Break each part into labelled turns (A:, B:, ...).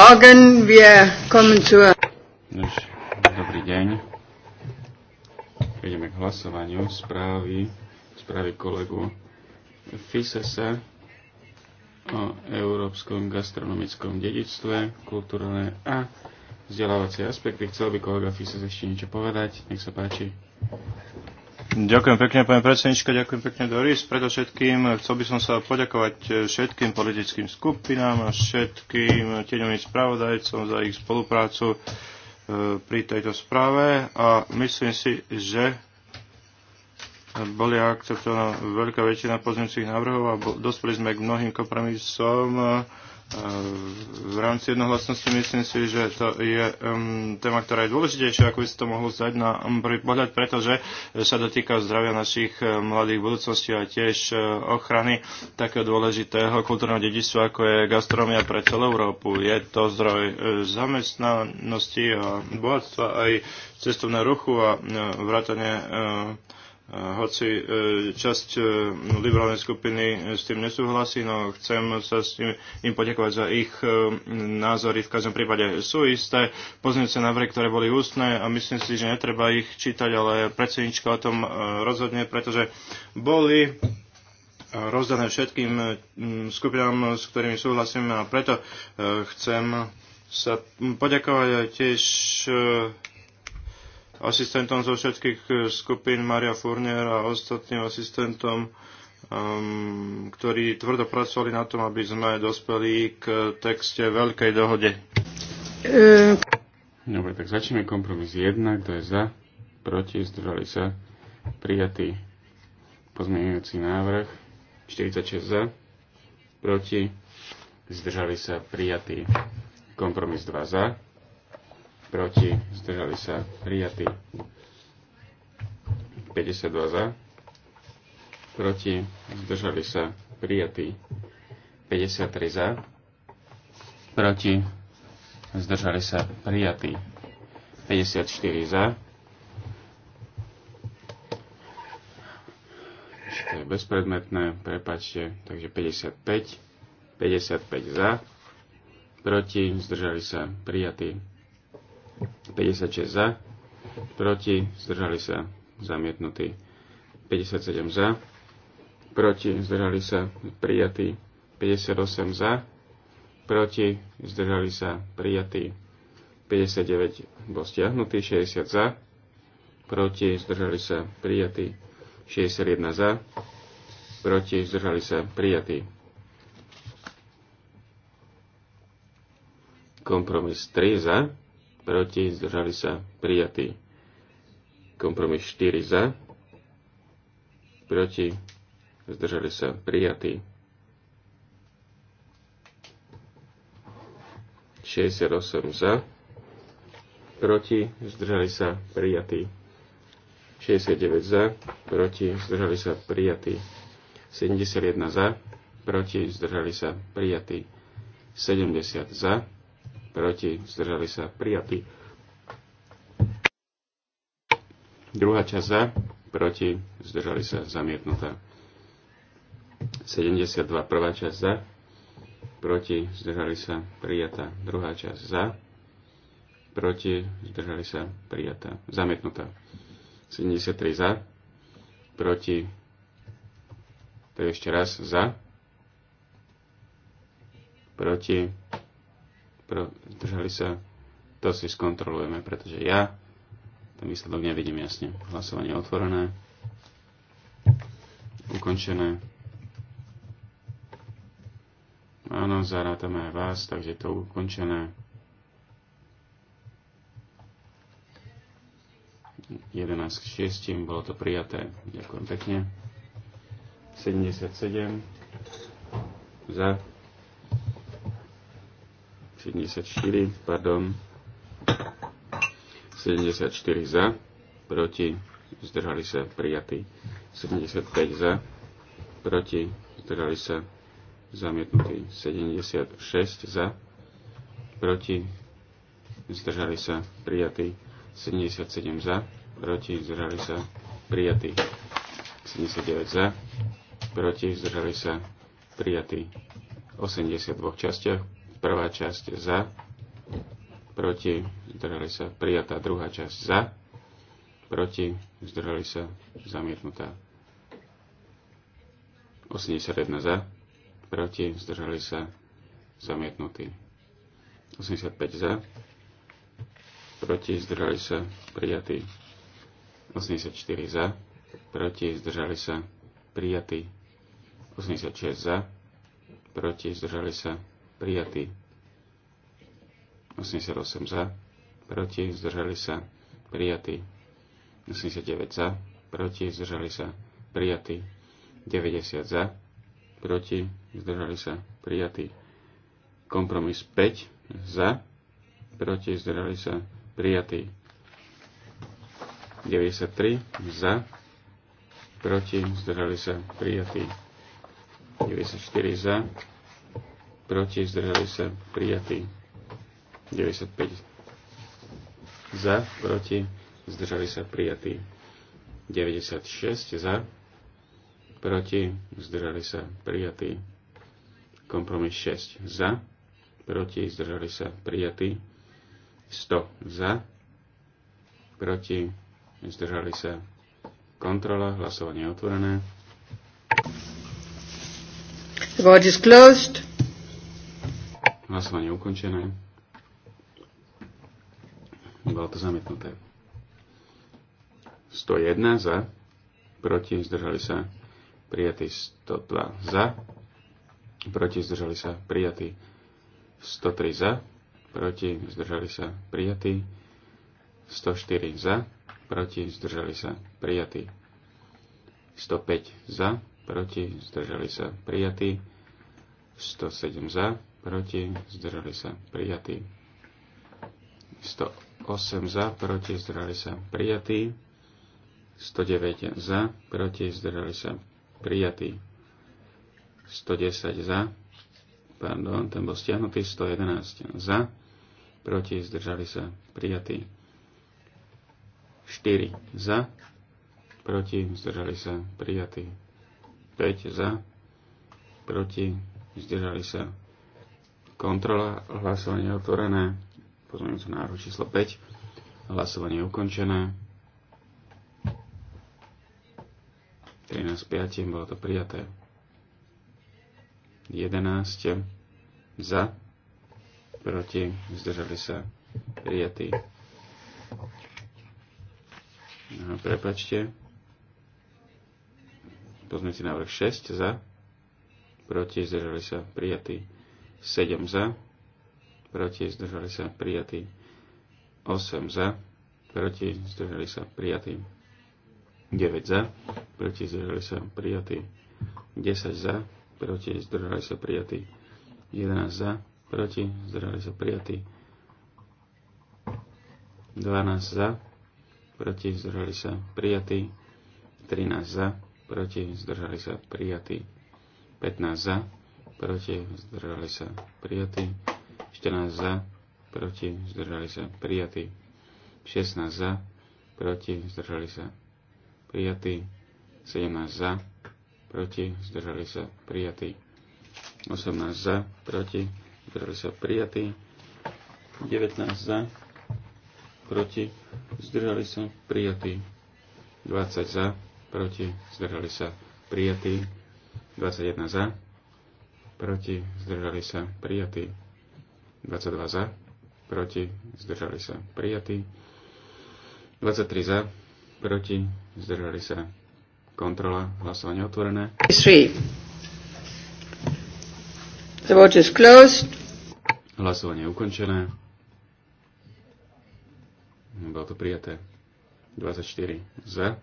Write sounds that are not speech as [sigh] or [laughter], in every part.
A: Morgen, wir kommen zur...
B: Nož, dobrý deň. Ideme k hlasovaniu správy, správy kolegu Fisesa o európskom gastronomickom dedictve, kultúrne a vzdelávacie
C: aspekty. Chcel by kolega Fises ešte niečo povedať. Nech sa páči. Ďakujem pekne, pani predsednička, ďakujem pekne, Doris. Predovšetkým chcel by som sa poďakovať e, všetkým politickým skupinám a všetkým tieňovým spravodajcom za ich spoluprácu e, pri tejto správe a myslím si, že boli akceptovaná veľká väčšina pozemcích návrhov a dospeli sme k mnohým kompromisom v rámci jednohlasnosti myslím si, že to je um, téma, ktorá je dôležitejšia, ako by sa to mohlo zdať na prvý pohľad, pretože sa dotýka zdravia našich eh, mladých budúcností a tiež eh, ochrany takého dôležitého kultúrneho dedičstva, ako je gastronomia pre celú Európu. Je to zdroj eh, zamestnanosti a bohatstva aj cestovného ruchu a vrátanie uh, Eh, hoci eh, časť eh, liberálnej skupiny s tým nesúhlasí, no chcem sa s tým, im poďakovať za ich názory. V každom prípade sú isté pozniece návrhy, ktoré boli ústne a myslím si, že netreba ich čítať, ale predsednička o tom rozhodne, pretože boli rozdané všetkým skupinám, s ktorými súhlasím a preto chcem sa poďakovať tiež asistentom zo všetkých eh, skupín Maria Furnier a ostatným asistentom, um, ktorí tvrdo pracovali na tom, aby sme dospeli k texte veľkej dohode.
B: Eh. Dobre, tak začneme kompromis 1, kto je za, proti, zdržali sa, prijatý pozmeňujúci návrh, 46 za, proti, zdržali sa, prijatý kompromis 2 za, proti, zdržali sa prijatí. 52 za, proti, zdržali sa prijatí. 53 za, proti, zdržali sa prijatí. 54 za, to je bezpredmetné, prepačte, takže 55, 55 za, proti, zdržali sa prijatí. 56 za, proti, zdržali sa, zamietnutí. 57 za, proti, zdržali sa, prijatí. 58 za, proti, zdržali sa, prijatí. 59 bol stiahnutý, 60 za, proti, zdržali sa, prijatí. 61 za, proti, zdržali sa, prijatí. Kompromis 3 za, proti, zdržali sa prijatí. Kompromis 4 za, proti, zdržali sa prijatí. 68 za, proti, zdržali sa prijatí. 69 za, proti, zdržali sa prijatí. 71 za, proti, zdržali sa prijatí. 70 za, proti, zdržali sa prijatí. Druhá časť za, proti, zdržali sa zamietnutá. 72, prvá časť za, proti, zdržali sa prijatá. Druhá časť za, proti, zdržali sa prijatá. Zamietnutá. 73 za, proti, to je ešte raz za, proti, držali sa, to si skontrolujeme, pretože ja ten výsledok nevidím jasne. Hlasovanie je otvorené, ukončené. Áno, zarátame aj vás, takže to ukončené. 11 k šiestim, bolo to prijaté. Ďakujem pekne. 77 za 74, pardon, 74 za, proti, zdržali sa prijatí, 75 za, proti, zdržali sa zamietnutí, 76 za, proti, zdržali sa prijatí, 77 za, proti, zdržali sa prijatí, 79 za, proti, zdržali sa prijatí, 82 v častiach, Prvá časť za, proti, zdržali sa, prijatá. Druhá časť za, proti, zdržali sa, zamietnutá. 81 za, proti, zdržali sa, zamietnutí. 85 za, proti, zdržali sa, prijatí. 84 za, proti, zdržali sa, prijatí. 86 za, proti, zdržali sa, prijatý. 88 za, proti, zdržali sa, prijatý. 89 za, proti, zdržali sa, prijatý. 90 za, proti, zdržali sa, prijatý. Kompromis 5 za, proti, zdržali sa, prijatý. 93 za, proti, zdržali sa, prijatý. 94 za, proti, zdržali sa prijatí. 95 za, proti, zdržali sa prijatí. 96 za, proti, zdržali sa prijatí. Kompromis 6 za, proti, zdržali sa prijatí. 100 za, proti, zdržali sa kontrola, hlasovanie otvorené.
A: The vote is closed.
B: Hlasovanie ukončené. Bolo to zamietnuté. 101 za, proti zdržali sa prijatí 102 za, proti zdržali sa prijatí 103 za, proti zdržali sa prijatí 104 za, proti zdržali sa prijatí 105 za, proti zdržali sa prijatí 107 za, proti, zdržali sa, prijatí. 108 za, proti, zdržali sa, prijatí. 109 za, proti, zdržali sa, prijatí. 110 za, pardon, ten bol stiahnutý, 111 za, proti, zdržali sa, prijatí. 4 za, proti, zdržali sa, prijatí. 5 za, proti, zdržali sa, Kontrola, hlasovanie je otvorené. sa na číslo 5. Hlasovanie je ukončené. 13.5. bolo to prijaté. 11. Za. Proti. Zdržali sa. Prijatí. No, prepačte. si návrh 6. Za. Proti. Zdržali sa. Prijatí. 7 za, proti zdržali sa prijatí 8 za, proti zdržali sa prijatí 9 za, proti zdržali sa prijatí 10 za, proti zdržali sa prijatí 11 za, proti zdržali sa prijatí 12 za, proti zdržali sa prijatí 13 za, proti zdržali sa prijatí 15 za, proti, zdržali sa prijatí. 14 za, proti, zdržali sa prijatí. 16 za, proti, zdržali sa prijatí. 17 za, proti, zdržali sa prijatí. 18 za, proti, zdržali sa prijatí. 19 za, proti, zdržali sa prijatí. 20 za, proti, zdržali sa prijatí. 21 za, proti, zdržali sa, prijatí. 22 za, proti, zdržali sa, prijatí. 23 za, proti, zdržali sa, kontrola, hlasovanie otvorené. 3. The vote is closed. Hlasovanie ukončené. Bolo to prijaté. 24 za,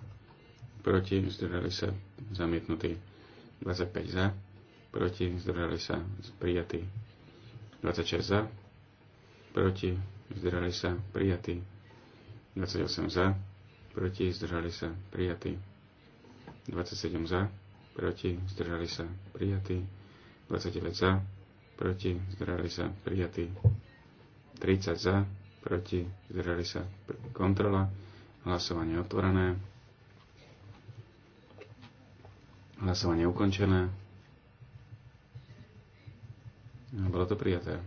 B: proti, zdržali sa, zamietnutí. 25 za, proti, zdržali sa prijatí. 26 za, proti, zdržali sa prijatí. 28 za, proti, zdržali sa prijatí. 27 za, proti, zdržali sa prijatí. 29 za, proti, zdržali sa prijatí. 30 za, proti, zdržali sa kontrola. Hlasovanie otvorené. Hlasovanie ukončené. No, bolo to prijaté.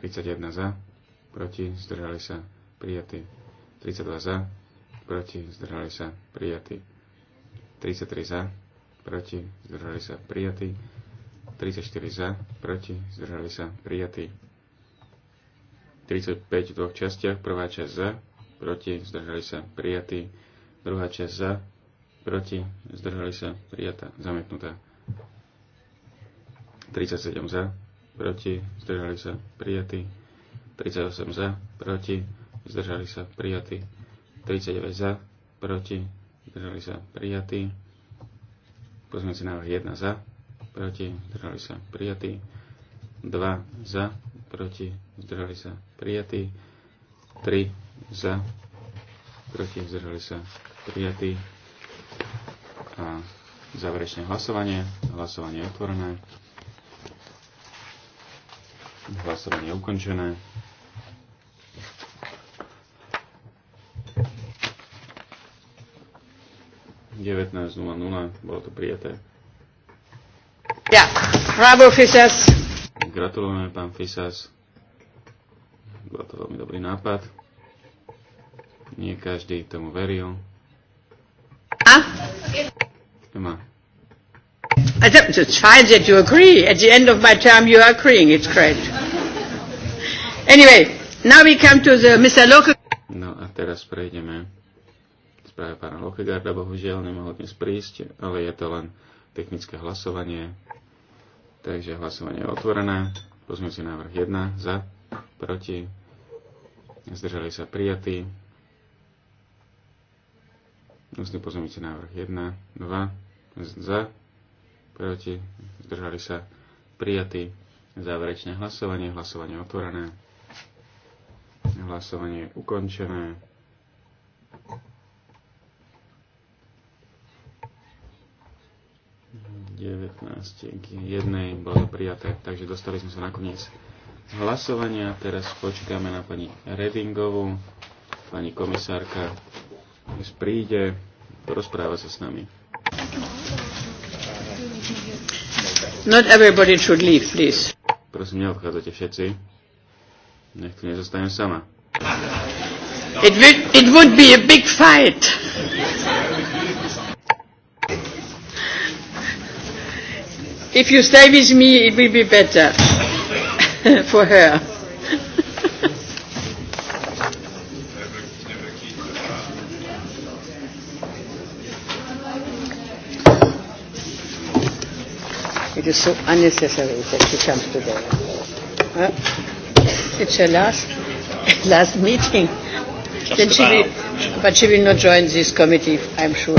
B: 31 za, proti, zdržali sa, prijatí. 32 za, proti, zdržali sa, prijatí. 33 za, proti, zdržali sa, prijatí. 34 za, proti, zdržali sa, prijatí. 35 v dvoch častiach, prvá časť za, proti, zdržali sa, prijatí. Druhá časť za, proti, zdržali sa, prijatá, zamietnutá. 37 za, proti, zdržali sa prijatí, 38 za, proti, zdržali sa prijatí, 39 za, proti, zdržali sa prijatí, pozmeňujúci návrh 1 za, proti, zdržali sa prijatí, 2 za, proti, zdržali sa prijatí, 3 za, proti, zdržali sa prijatí a záverečné hlasovanie, hlasovanie je otvorené. Hlasovanie je ukončené. bolo to prijaté.
A: Ja, bravo Fisas.
B: Gratulujeme, pán Fisas. Bol to veľmi dobrý nápad. Nie každý tomu veril.
C: A? Ema. I don't, it's fine that you agree. At the end of my term, you are agreeing. It's great. Anyway, now we come to the Mr. Loke...
B: No a teraz prejdeme správe pána Lokegarda, bohužiaľ nemohol dnes prísť, ale je to len technické hlasovanie. Takže hlasovanie je otvorené. si návrh 1 za, proti, zdržali sa prijatí. Ústny si návrh 1, 2, za, proti, zdržali sa prijatí. Záverečné hlasovanie, hlasovanie otvorené. Hlasovanie je ukončené. k jednej bolo prijaté, takže dostali sme sa nakoniec hlasovania. Teraz počítame na pani Redingovú. Pani komisárka dnes príde, rozpráva sa s nami. Not everybody should leave, please. Prosím, neodchádzajte všetci. Nech tu nezostanem sama. It would, it would be
C: a big fight.
B: If you stay with me, it will be better
C: [laughs] for her. it is so unnecessary that she comes today. Huh? It's her last last meeting. Just then she will, but she will not join this committee, I'm sure.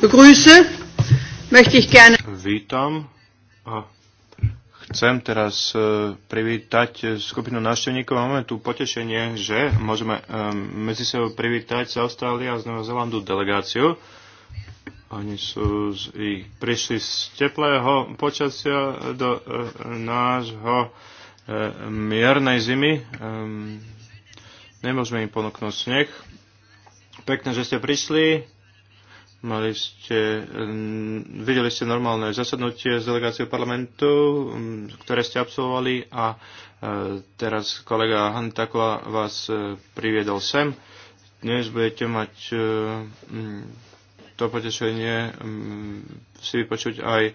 C: begrüße, möchte ich gerne... Vítam a chcem teraz e, privítať e, skupinu návštevníkov. Máme tu potešenie, že môžeme e, medzi sebou privítať z Austrálie a z Nového Zelandu delegáciu. Oni sú z, ich prišli z teplého počasia do uh, nášho uh, miernej zimy. Um, nemôžeme im ponúknuť sneh. Pekne, že ste prišli Mali ste, mm, videli ste normálne zasadnutie s delegáciou parlamentu, mm, ktoré ste absolvovali a e, teraz kolega Hantakova vás e, priviedol sem. Dnes budete mať e, mm, to potešenie si vypočuť aj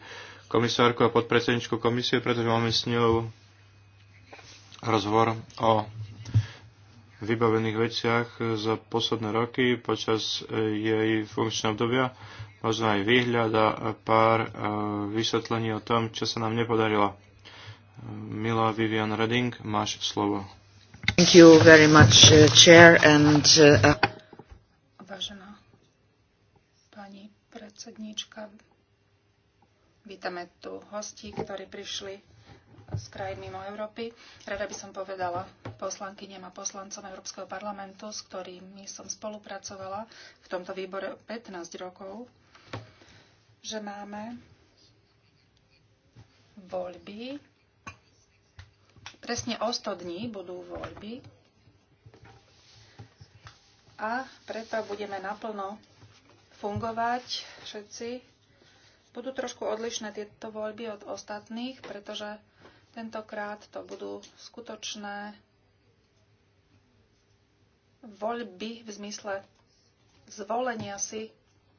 C: komisárku a podpredsedničku komisie, pretože máme s ňou rozhovor o vybavených veciach za posledné roky počas e, jej funkčného obdobia, možno aj výhľad a pár e, vysvetlení o tom, čo sa nám nepodarilo. Milá Vivian Redding, máš slovo.
A: Thank you very
B: much, uh, chair and, uh, uh
A: Vážená pani predsedníčka, vítame tu hosti, ktorí prišli z krajín mimo Európy. Rada by som povedala poslankyniam a poslancom Európskeho parlamentu, s ktorými som spolupracovala v tomto výbore 15 rokov, že máme voľby. Presne o 100 dní budú voľby a preto budeme naplno fungovať všetci. Budú trošku odlišné tieto voľby od ostatných, pretože Tentokrát to budú skutočné voľby v zmysle zvolenia si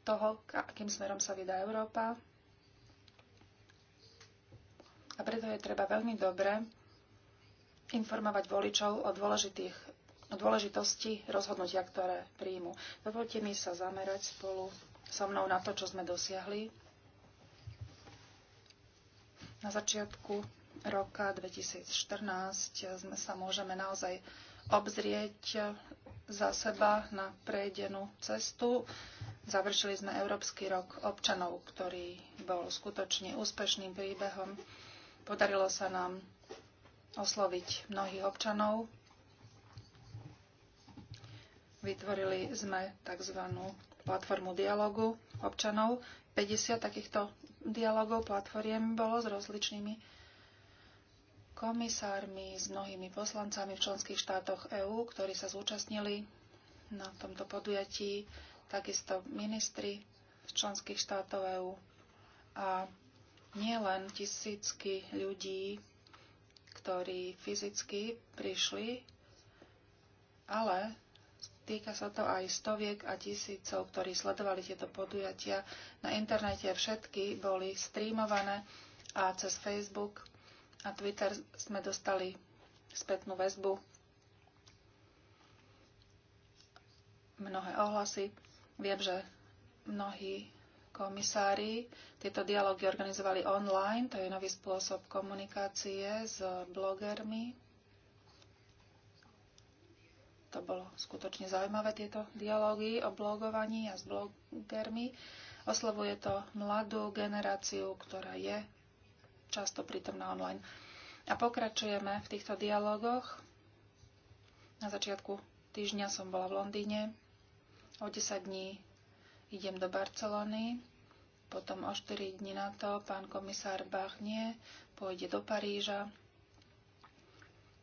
A: toho, akým smerom sa vydá Európa. A preto je treba veľmi dobre informovať voličov o, dôležitých, o dôležitosti rozhodnutia, ktoré príjmu. Dovolte mi sa zamerať spolu so mnou na to, čo sme dosiahli. Na začiatku roka 2014 sme sa môžeme naozaj obzrieť za seba na prejdenú cestu. Završili sme Európsky rok občanov, ktorý bol skutočne úspešným príbehom. Podarilo sa nám osloviť mnohých občanov. Vytvorili sme tzv. platformu dialogu občanov. 50 takýchto dialogov platformiem bolo s rozličnými komisármi, s mnohými poslancami v členských štátoch EÚ, ktorí sa zúčastnili na tomto podujatí, takisto ministri z členských štátov EÚ a nielen tisícky ľudí, ktorí fyzicky prišli, ale týka sa to aj stoviek a tisícov, ktorí sledovali tieto podujatia. Na internete všetky boli streamované a cez Facebook a Twitter sme dostali spätnú väzbu, mnohé ohlasy. Viem, že mnohí komisári tieto dialógy organizovali online, to je nový spôsob komunikácie s blogermi. To bolo skutočne zaujímavé, tieto dialógy o blogovaní a s blogermi. Oslovuje to mladú generáciu, ktorá je často prítomná online. A pokračujeme v týchto dialogoch. Na začiatku týždňa som bola v Londýne. O 10 dní idem do Barcelony. Potom o 4 dní na to pán komisár Bachnie pôjde do Paríža.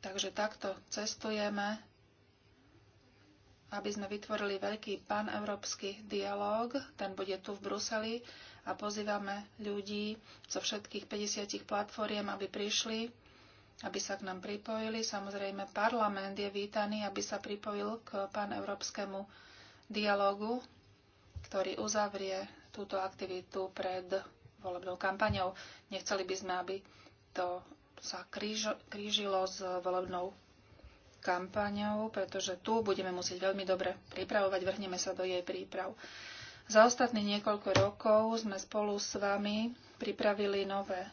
A: Takže takto cestujeme, aby sme vytvorili veľký pan-európsky dialog. Ten bude tu v Bruseli a pozývame ľudí zo všetkých 50 platformiem, aby prišli, aby sa k nám pripojili. Samozrejme, parlament je vítaný, aby sa pripojil k paneurópskemu dialogu, ktorý uzavrie túto aktivitu pred volebnou kampaňou. Nechceli by sme, aby to sa kríž, krížilo s volebnou kampaňou, pretože tu budeme musieť veľmi dobre pripravovať, vrhneme sa do jej príprav. Za ostatných niekoľko rokov sme spolu s vami pripravili nové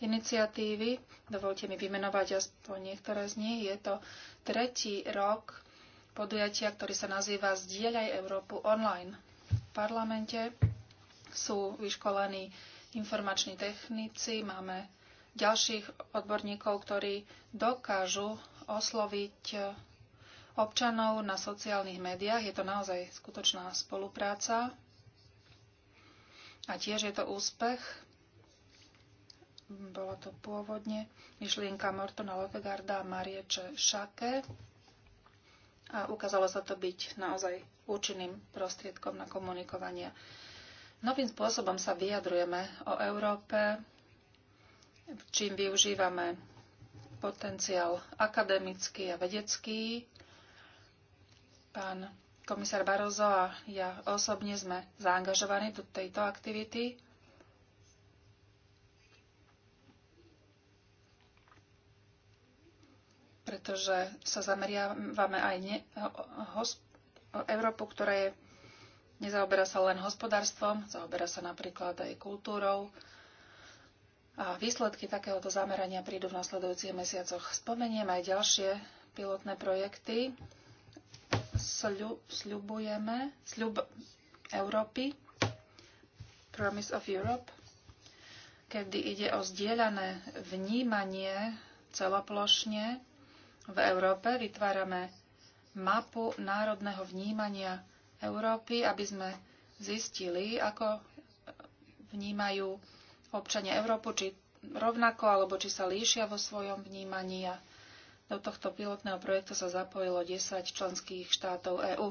A: iniciatívy. Dovolte mi vymenovať aspoň niektoré z nich. Je to tretí rok podujatia, ktorý sa nazýva Zdieľaj Európu online. V parlamente sú vyškolení informační technici, máme ďalších odborníkov, ktorí dokážu osloviť občanov na sociálnych médiách. Je to naozaj skutočná spolupráca. A tiež je to úspech. Bolo to pôvodne myšlienka Mortona Lovegarda a Marieče Šake. A ukázalo sa to byť naozaj účinným prostriedkom na komunikovanie. Novým spôsobom sa vyjadrujeme o Európe, čím využívame potenciál akademický a vedecký. Pán Komisár Barozo a ja osobne sme zaangažovaní do tejto aktivity. pretože sa zameriavame aj ne, hosp, Európu, ktorá je, nezaoberá sa len hospodárstvom, zaoberá sa napríklad aj kultúrou. A výsledky takéhoto zamerania prídu v nasledujúcich mesiacoch. Spomeniem aj ďalšie pilotné projekty, sľubujeme, sľub Európy, Promise of Europe, kedy ide o zdieľané vnímanie celoplošne v Európe. Vytvárame mapu národného vnímania Európy, aby sme zistili, ako vnímajú občania Európu, či rovnako, alebo či sa líšia vo svojom vnímaní a do tohto pilotného projektu sa zapojilo 10 členských štátov EÚ.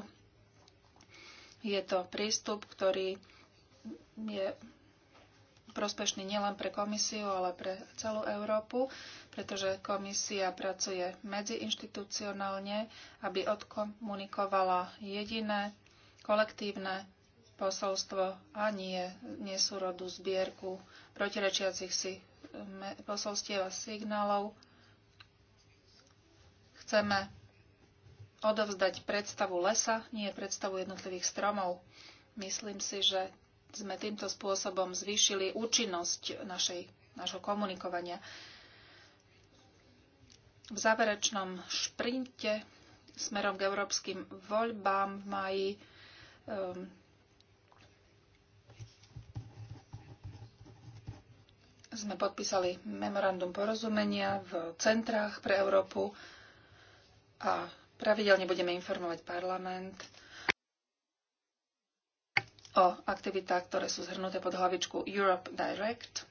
A: Je to prístup, ktorý je prospešný nielen pre komisiu, ale pre celú Európu, pretože komisia pracuje medziinštitucionálne, aby odkomunikovala jediné kolektívne posolstvo a nie nesúrodú zbierku protirečiacich si posolstiev a signálov, Chceme odovzdať predstavu lesa, nie predstavu jednotlivých stromov. Myslím si, že sme týmto spôsobom zvýšili účinnosť našej, našho komunikovania. V záverečnom šprinte smerom k európskym voľbám v maji um, sme podpísali memorandum porozumenia v centrách pre Európu a pravidelne budeme informovať parlament o aktivitách, ktoré sú zhrnuté pod hlavičku Europe Direct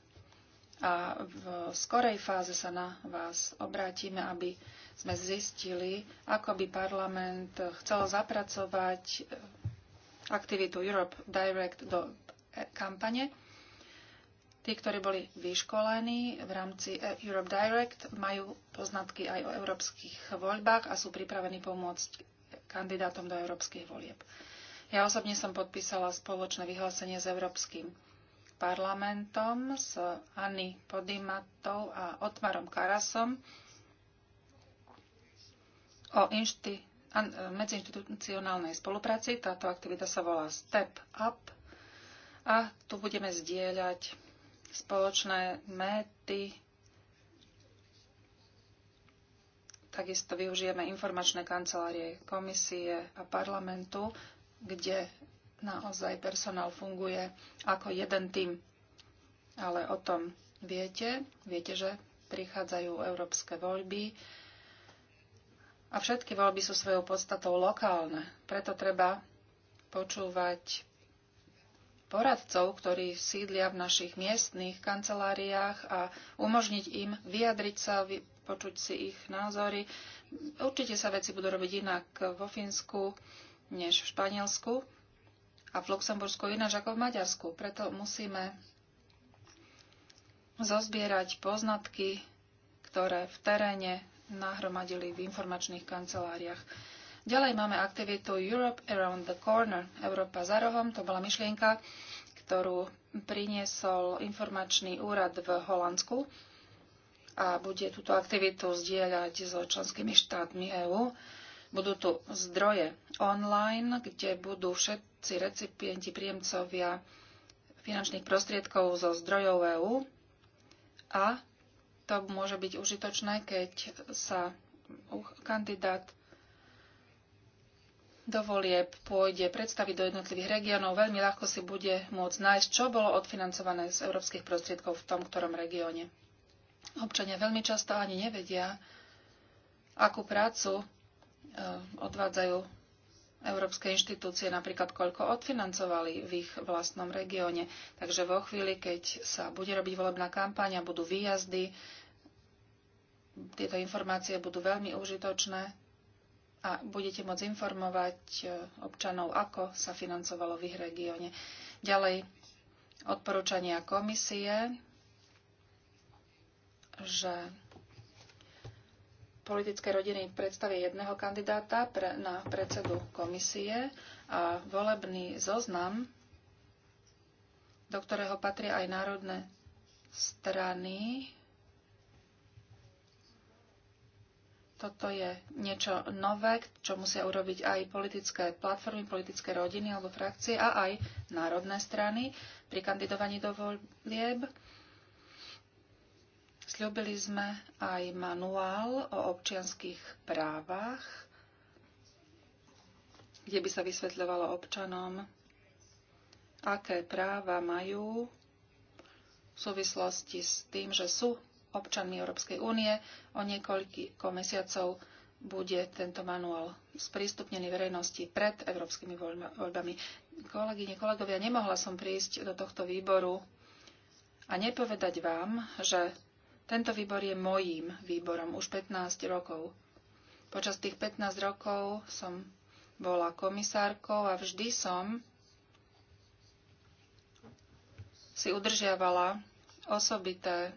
A: a v skorej fáze sa na vás obrátime, aby sme zistili, ako by parlament chcel zapracovať aktivitu Europe Direct do kampane Tí, ktorí boli vyškolení v rámci e, Europe Direct, majú poznatky aj o európskych voľbách a sú pripravení pomôcť kandidátom do európskych volieb. Ja osobne som podpísala spoločné vyhlásenie s Európskym parlamentom, s Anny Podimatou a Otmarom Karasom o inšti, an, medziinstitucionálnej spolupráci. Táto aktivita sa volá Step Up a tu budeme zdieľať spoločné méty. Takisto využijeme informačné kancelárie komisie a parlamentu, kde naozaj personál funguje ako jeden tým. Ale o tom viete, viete, že prichádzajú európske voľby a všetky voľby sú svojou podstatou lokálne. Preto treba počúvať poradcov, ktorí sídlia v našich miestnych kanceláriách a umožniť im vyjadriť sa, počuť si ich názory. Určite sa veci budú robiť inak vo Fínsku než v Španielsku a v Luxembursku ináč ako v Maďarsku. Preto musíme zozbierať poznatky, ktoré v teréne nahromadili v informačných kanceláriách. Ďalej máme aktivitu Europe Around the Corner, Európa za rohom. To bola myšlienka, ktorú priniesol informačný úrad v Holandsku a bude túto aktivitu zdieľať so členskými štátmi EÚ. Budú tu zdroje online, kde budú všetci recipienti, príjemcovia finančných prostriedkov zo zdrojov EÚ a to môže byť užitočné, keď sa kandidát do volieb pôjde predstaviť do jednotlivých regiónov, veľmi ľahko si bude môcť nájsť, čo bolo odfinancované z európskych prostriedkov v tom ktorom regióne. Občania veľmi často ani nevedia, akú prácu e, odvádzajú európske inštitúcie, napríklad koľko odfinancovali v ich vlastnom regióne. Takže vo chvíli, keď sa bude robiť volebná kampaň a budú výjazdy, tieto informácie budú veľmi užitočné a budete môcť informovať e, občanov, ako sa financovalo v ich regióne. Ďalej odporúčania komisie, že politické rodiny predstavia jedného kandidáta pre, na predsedu komisie a volebný zoznam, do ktorého patria aj národné strany, Toto je niečo nové, čo musia urobiť aj politické platformy, politické rodiny alebo frakcie a aj národné strany pri kandidovaní do volieb. Sľúbili sme aj manuál o občianských právach, kde by sa vysvetľovalo občanom, aké práva majú v súvislosti s tým, že sú občanmi Európskej únie. O niekoľko mesiacov bude tento manuál sprístupnený verejnosti pred európskymi voľbami. Kolegyne, kolegovia, nemohla som prísť do tohto výboru a nepovedať vám, že tento výbor je mojím výborom už 15 rokov. Počas tých 15 rokov som bola komisárkou a vždy som si udržiavala osobité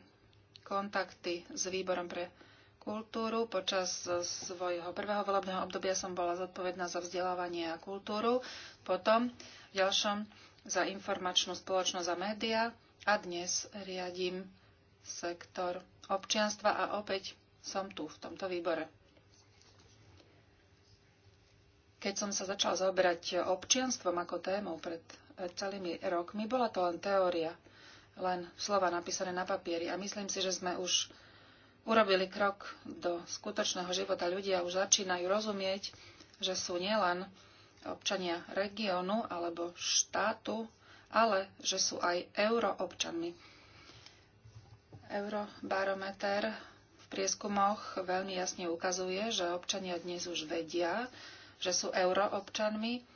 A: kontakty s výborom pre kultúru. Počas svojho prvého volebného obdobia som bola zodpovedná za vzdelávanie a kultúru, potom v ďalšom za informačnú spoločnosť a média a dnes riadím sektor občianstva a opäť som tu v tomto výbore. Keď som sa začala zaoberať občianstvom ako témou pred celými rokmi, bola to len teória – len slova napísané na papieri. A myslím si, že sme už urobili krok do skutočného života ľudia už začínajú rozumieť, že sú nielen občania regiónu alebo štátu, ale že sú aj euroobčanmi. Eurobarometer v prieskumoch veľmi jasne ukazuje, že občania dnes už vedia, že sú euroobčanmi,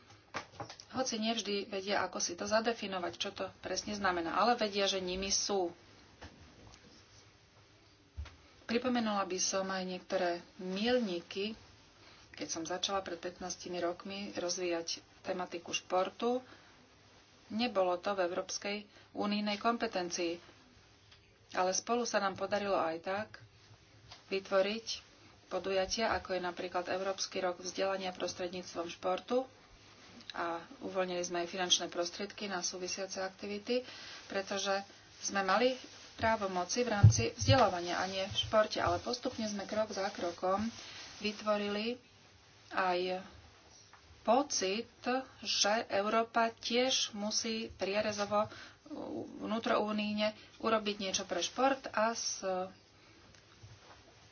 A: hoci nevždy vedia, ako si to zadefinovať, čo to presne znamená, ale vedia, že nimi sú. Pripomenula by som aj niektoré milníky, keď som začala pred 15 rokmi rozvíjať tematiku športu. Nebolo to v Európskej unijnej kompetencii, ale spolu sa nám podarilo aj tak vytvoriť podujatia, ako je napríklad Európsky rok vzdelania prostredníctvom športu, a uvoľnili sme aj finančné prostriedky na súvisiace aktivity, pretože sme mali právo moci v rámci vzdelávania a nie v športe, ale postupne sme krok za krokom vytvorili aj pocit, že Európa tiež musí prierezovo vnútroúnijne urobiť niečo pre šport a s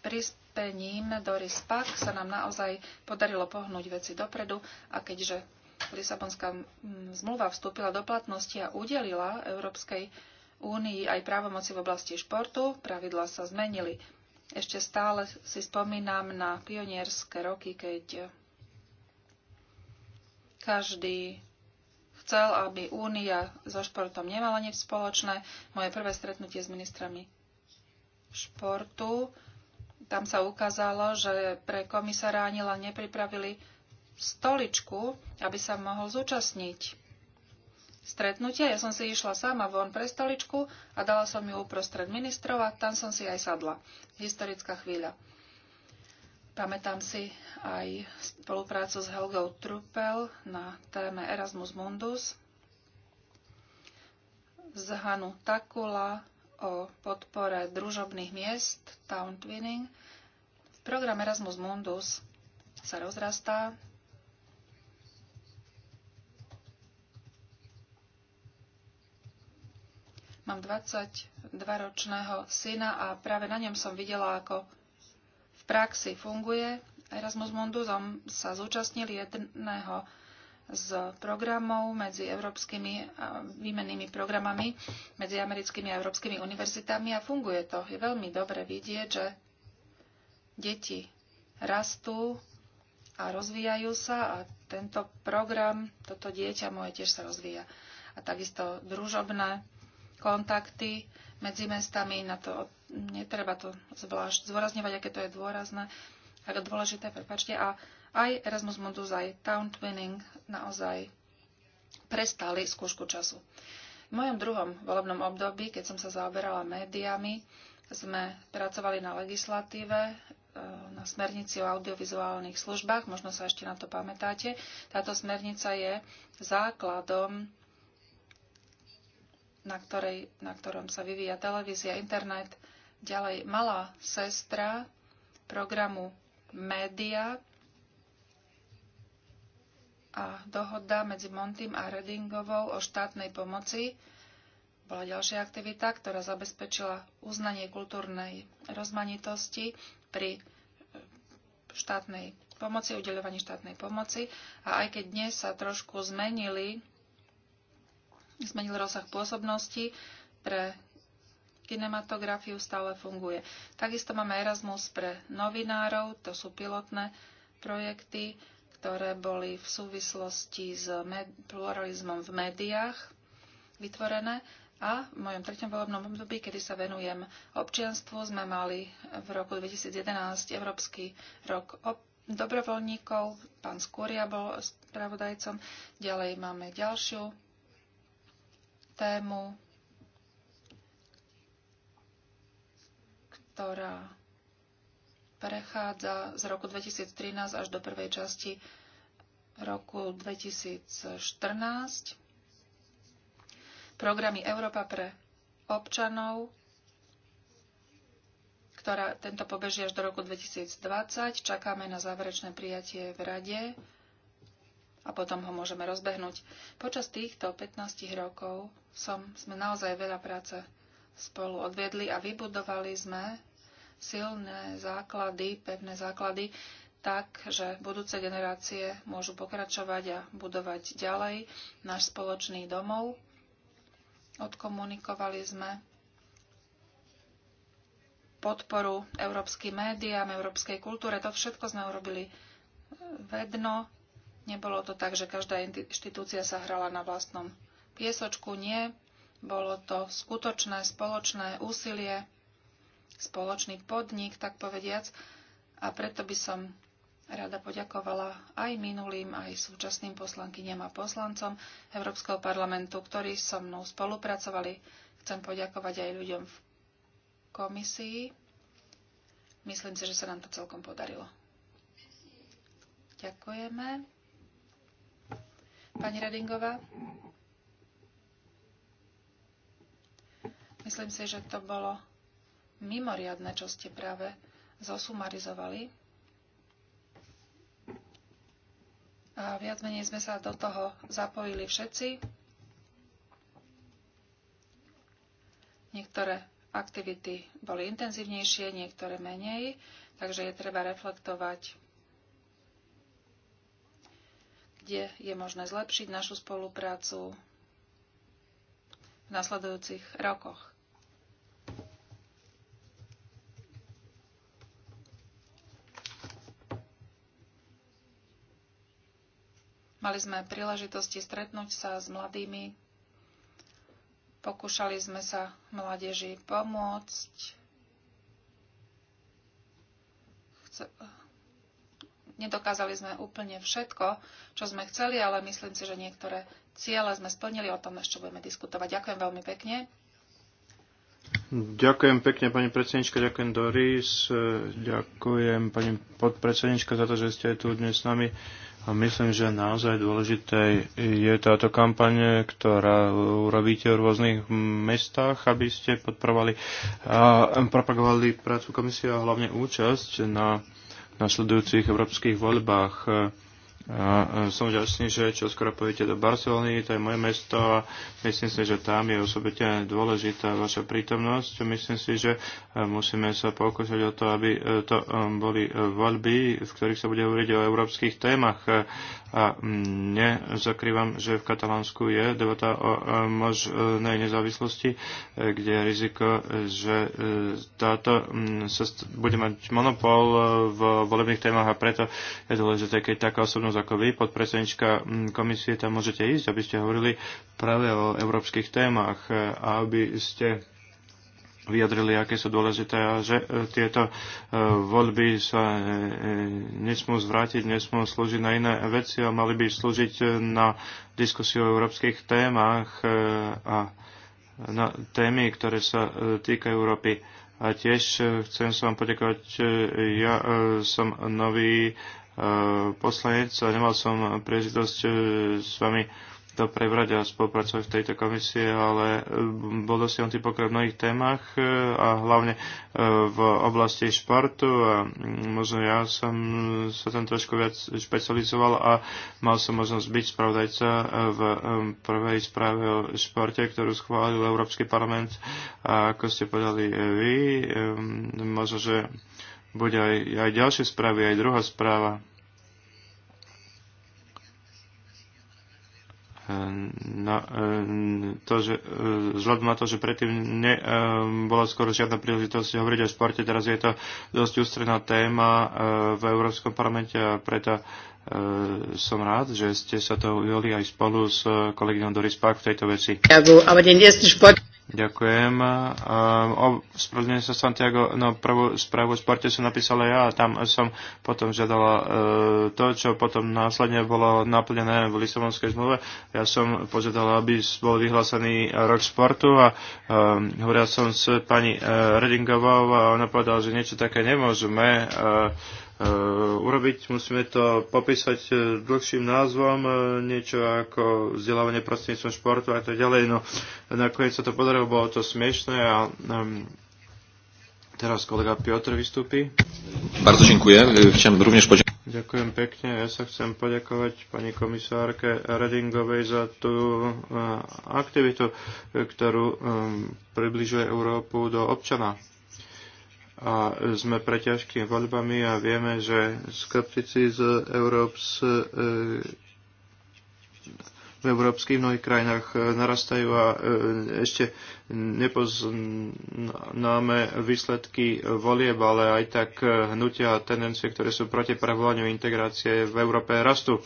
A: prispením Doris Pak sa nám naozaj podarilo pohnúť veci dopredu a keďže Lisabonská zmluva vstúpila do platnosti a udelila Európskej únii aj právomoci v oblasti športu, pravidla sa zmenili. Ešte stále si spomínam na pionierské roky, keď každý chcel, aby únia so športom nemala nič spoločné. Moje prvé stretnutie s ministrami športu, tam sa ukázalo, že pre komisára ani len nepripravili stoličku, aby sa mohol zúčastniť stretnutia. Ja som si išla sama von pre stoličku a dala som ju uprostred ministrov a tam som si aj sadla. Historická chvíľa. Pamätám si aj spoluprácu s Helgou Trupel na téme Erasmus Mundus, z Hanu Takula o podpore družobných miest, town twinning. Program Erasmus Mundus sa rozrastá, Mám 22-ročného syna a práve na ňom som videla, ako v praxi funguje. Erasmus Munduzom sa zúčastnil jedného z programov medzi európskymi výmennými programami medzi americkými a európskymi univerzitami a funguje to. Je veľmi dobre vidieť, že deti rastú a rozvíjajú sa a tento program, toto dieťa moje tiež sa rozvíja. A takisto družobné kontakty medzi mestami, na to netreba to zvlášť zdôrazňovať, aké to je dôrazné, ako dôležité, prepačte. A aj Erasmus Mundus, aj Town Twinning naozaj prestali skúšku času. V mojom druhom volebnom období, keď som sa zaoberala médiami, sme pracovali na legislatíve, e, na smernici o audiovizuálnych službách, možno sa ešte na to pamätáte. Táto smernica je základom na, ktorej, na ktorom sa vyvíja televízia, internet. Ďalej malá sestra programu Média a dohoda medzi Montym a Redingovou o štátnej pomoci bola ďalšia aktivita, ktorá zabezpečila uznanie kultúrnej rozmanitosti pri e, štátnej pomoci, udeľovaní štátnej pomoci. A aj keď dnes sa trošku zmenili zmenil rozsah pôsobnosti pre kinematografiu stále funguje. Takisto máme Erasmus pre novinárov, to sú pilotné projekty, ktoré boli v súvislosti s pluralizmom v médiách vytvorené. A v mojom treťom volebnom období, kedy sa venujem občianstvu, sme mali v roku 2011 Európsky rok dobrovoľníkov. Pán Skúria bol spravodajcom. Ďalej máme ďalšiu tému, ktorá prechádza z roku 2013 až do prvej časti roku 2014. Programy Európa pre občanov, ktorá tento pobeží až do roku 2020. Čakáme na záverečné prijatie v Rade a potom ho môžeme rozbehnúť. Počas týchto 15 rokov som, sme naozaj veľa práce spolu odviedli a vybudovali sme silné základy, pevné základy, tak, že budúce generácie môžu pokračovať a budovať ďalej náš spoločný domov. Odkomunikovali sme podporu európskym médiám, európskej kultúre. To všetko sme urobili vedno Nebolo to tak, že každá inštitúcia sa hrala na vlastnom piesočku, nie. Bolo to skutočné spoločné úsilie, spoločný podnik, tak povediac. A preto by som rada poďakovala aj minulým, aj súčasným poslankyniam a poslancom Európskeho parlamentu, ktorí so mnou spolupracovali. Chcem poďakovať aj ľuďom v komisii. Myslím si, že sa nám to celkom podarilo. Ďakujeme. Pani radingová. Myslím si, že to bolo mimoriadne, čo ste práve zosumarizovali. A viac menej sme sa do toho zapojili všetci. Niektoré aktivity boli intenzívnejšie, niektoré menej, takže je treba reflektovať kde je možné zlepšiť našu spoluprácu v nasledujúcich rokoch. Mali sme príležitosti stretnúť sa s mladými, pokúšali sme sa mládeži pomôcť. Chce Nedokázali sme úplne všetko, čo sme chceli, ale myslím si, že niektoré ciele sme splnili. O tom ešte budeme diskutovať. Ďakujem veľmi pekne.
C: Ďakujem pekne, pani predsednička, ďakujem Doris, ďakujem pani podpredsednička za to, že ste tu dnes s nami. A myslím, že naozaj dôležité je táto kampaň, ktorá urobíte v rôznych mestách, aby ste podporovali a propagovali prácu komisie a hlavne účasť na nasledujúcich európskych voľbách som ďačný, že čo skoro pôjdete do Barcelony, to je moje mesto a myslím si, že tam je osobitne dôležitá vaša prítomnosť. Myslím si, že e, musíme sa pokúšať o to, aby e, to e, boli voľby, v ktorých sa bude hovoriť o európskych témach. A nezakrývam, že v Katalánsku je debata o možnej nezávislosti, kde je riziko, že táto sa bude mať monopol v volebných témach a preto je dôležité, keď taká osobnosť ako vy, podpredsednička mm, komisie, tam môžete ísť, aby ste hovorili práve o európskych témach e, a aby ste vyjadrili, aké sú dôležité a že e, tieto e, voľby sa nesmú zvrátiť, nesmú slúžiť na iné veci a mali by slúžiť na diskusiu o európskych témach a na témy, ktoré sa týkajú Európy. A tiež chcem sa vám poďakovať, ja som nový poslanec a nemal som príležitosť e, s vami to prebrať a spolupracovať v tejto komisie, ale e, bol dosiahnutý pokrok v mnohých témach e, a hlavne v oblasti športu a mm, možno ja som sa tam trošku viac špecializoval a mal som možnosť byť spravodajca v prvej správe o športe, ktorú schválil Európsky parlament a ako ste povedali vy, možno, že bude aj, aj ďalšie správy, aj druhá správa na, to, že, vzhľadom na to, že predtým ne, bola skoro žiadna príležitosť hovoriť o športe, teraz je to dosť ústredná téma v Európskom parlamente a preto som rád, že ste sa to ujeli aj spolu s kolegyňou Doris Pak v tejto veci. Ďakujem. Um, Spravedlňujem sa Santiago, no prvú správu o sporte som napísala ja a tam som potom žiadala uh, to, čo potom následne bolo naplnené v Lisabonskej zmluve. Ja som požiadala, aby bol vyhlásený rok sportu a um, e, hovoril som s pani uh, Redingovou a ona povedala, že niečo také nemôžeme uh, Eh, urobiť. Musíme to popísať eh, dlhším názvom, eh, niečo ako vzdelávanie prostredníctvom športu a tak ďalej. No nakoniec sa to podarilo, bolo to smiešné a um, teraz kolega Piotr vystúpi. Bardzo dziękuję. Chciałem również podziękować. Ďakujem pekne. Ja sa chcem poďakovať pani komisárke Redingovej za tú aktivitu, ktorú približuje Európu do občana a sme preťažkými voľbami a vieme, že skeptici z Európs e, v európskych mnohých krajinách e, narastajú a e, ešte nepoznáme výsledky volieb, ale aj tak hnutia a tendencie, ktoré sú proti prevolaniu integrácie v Európe rastú.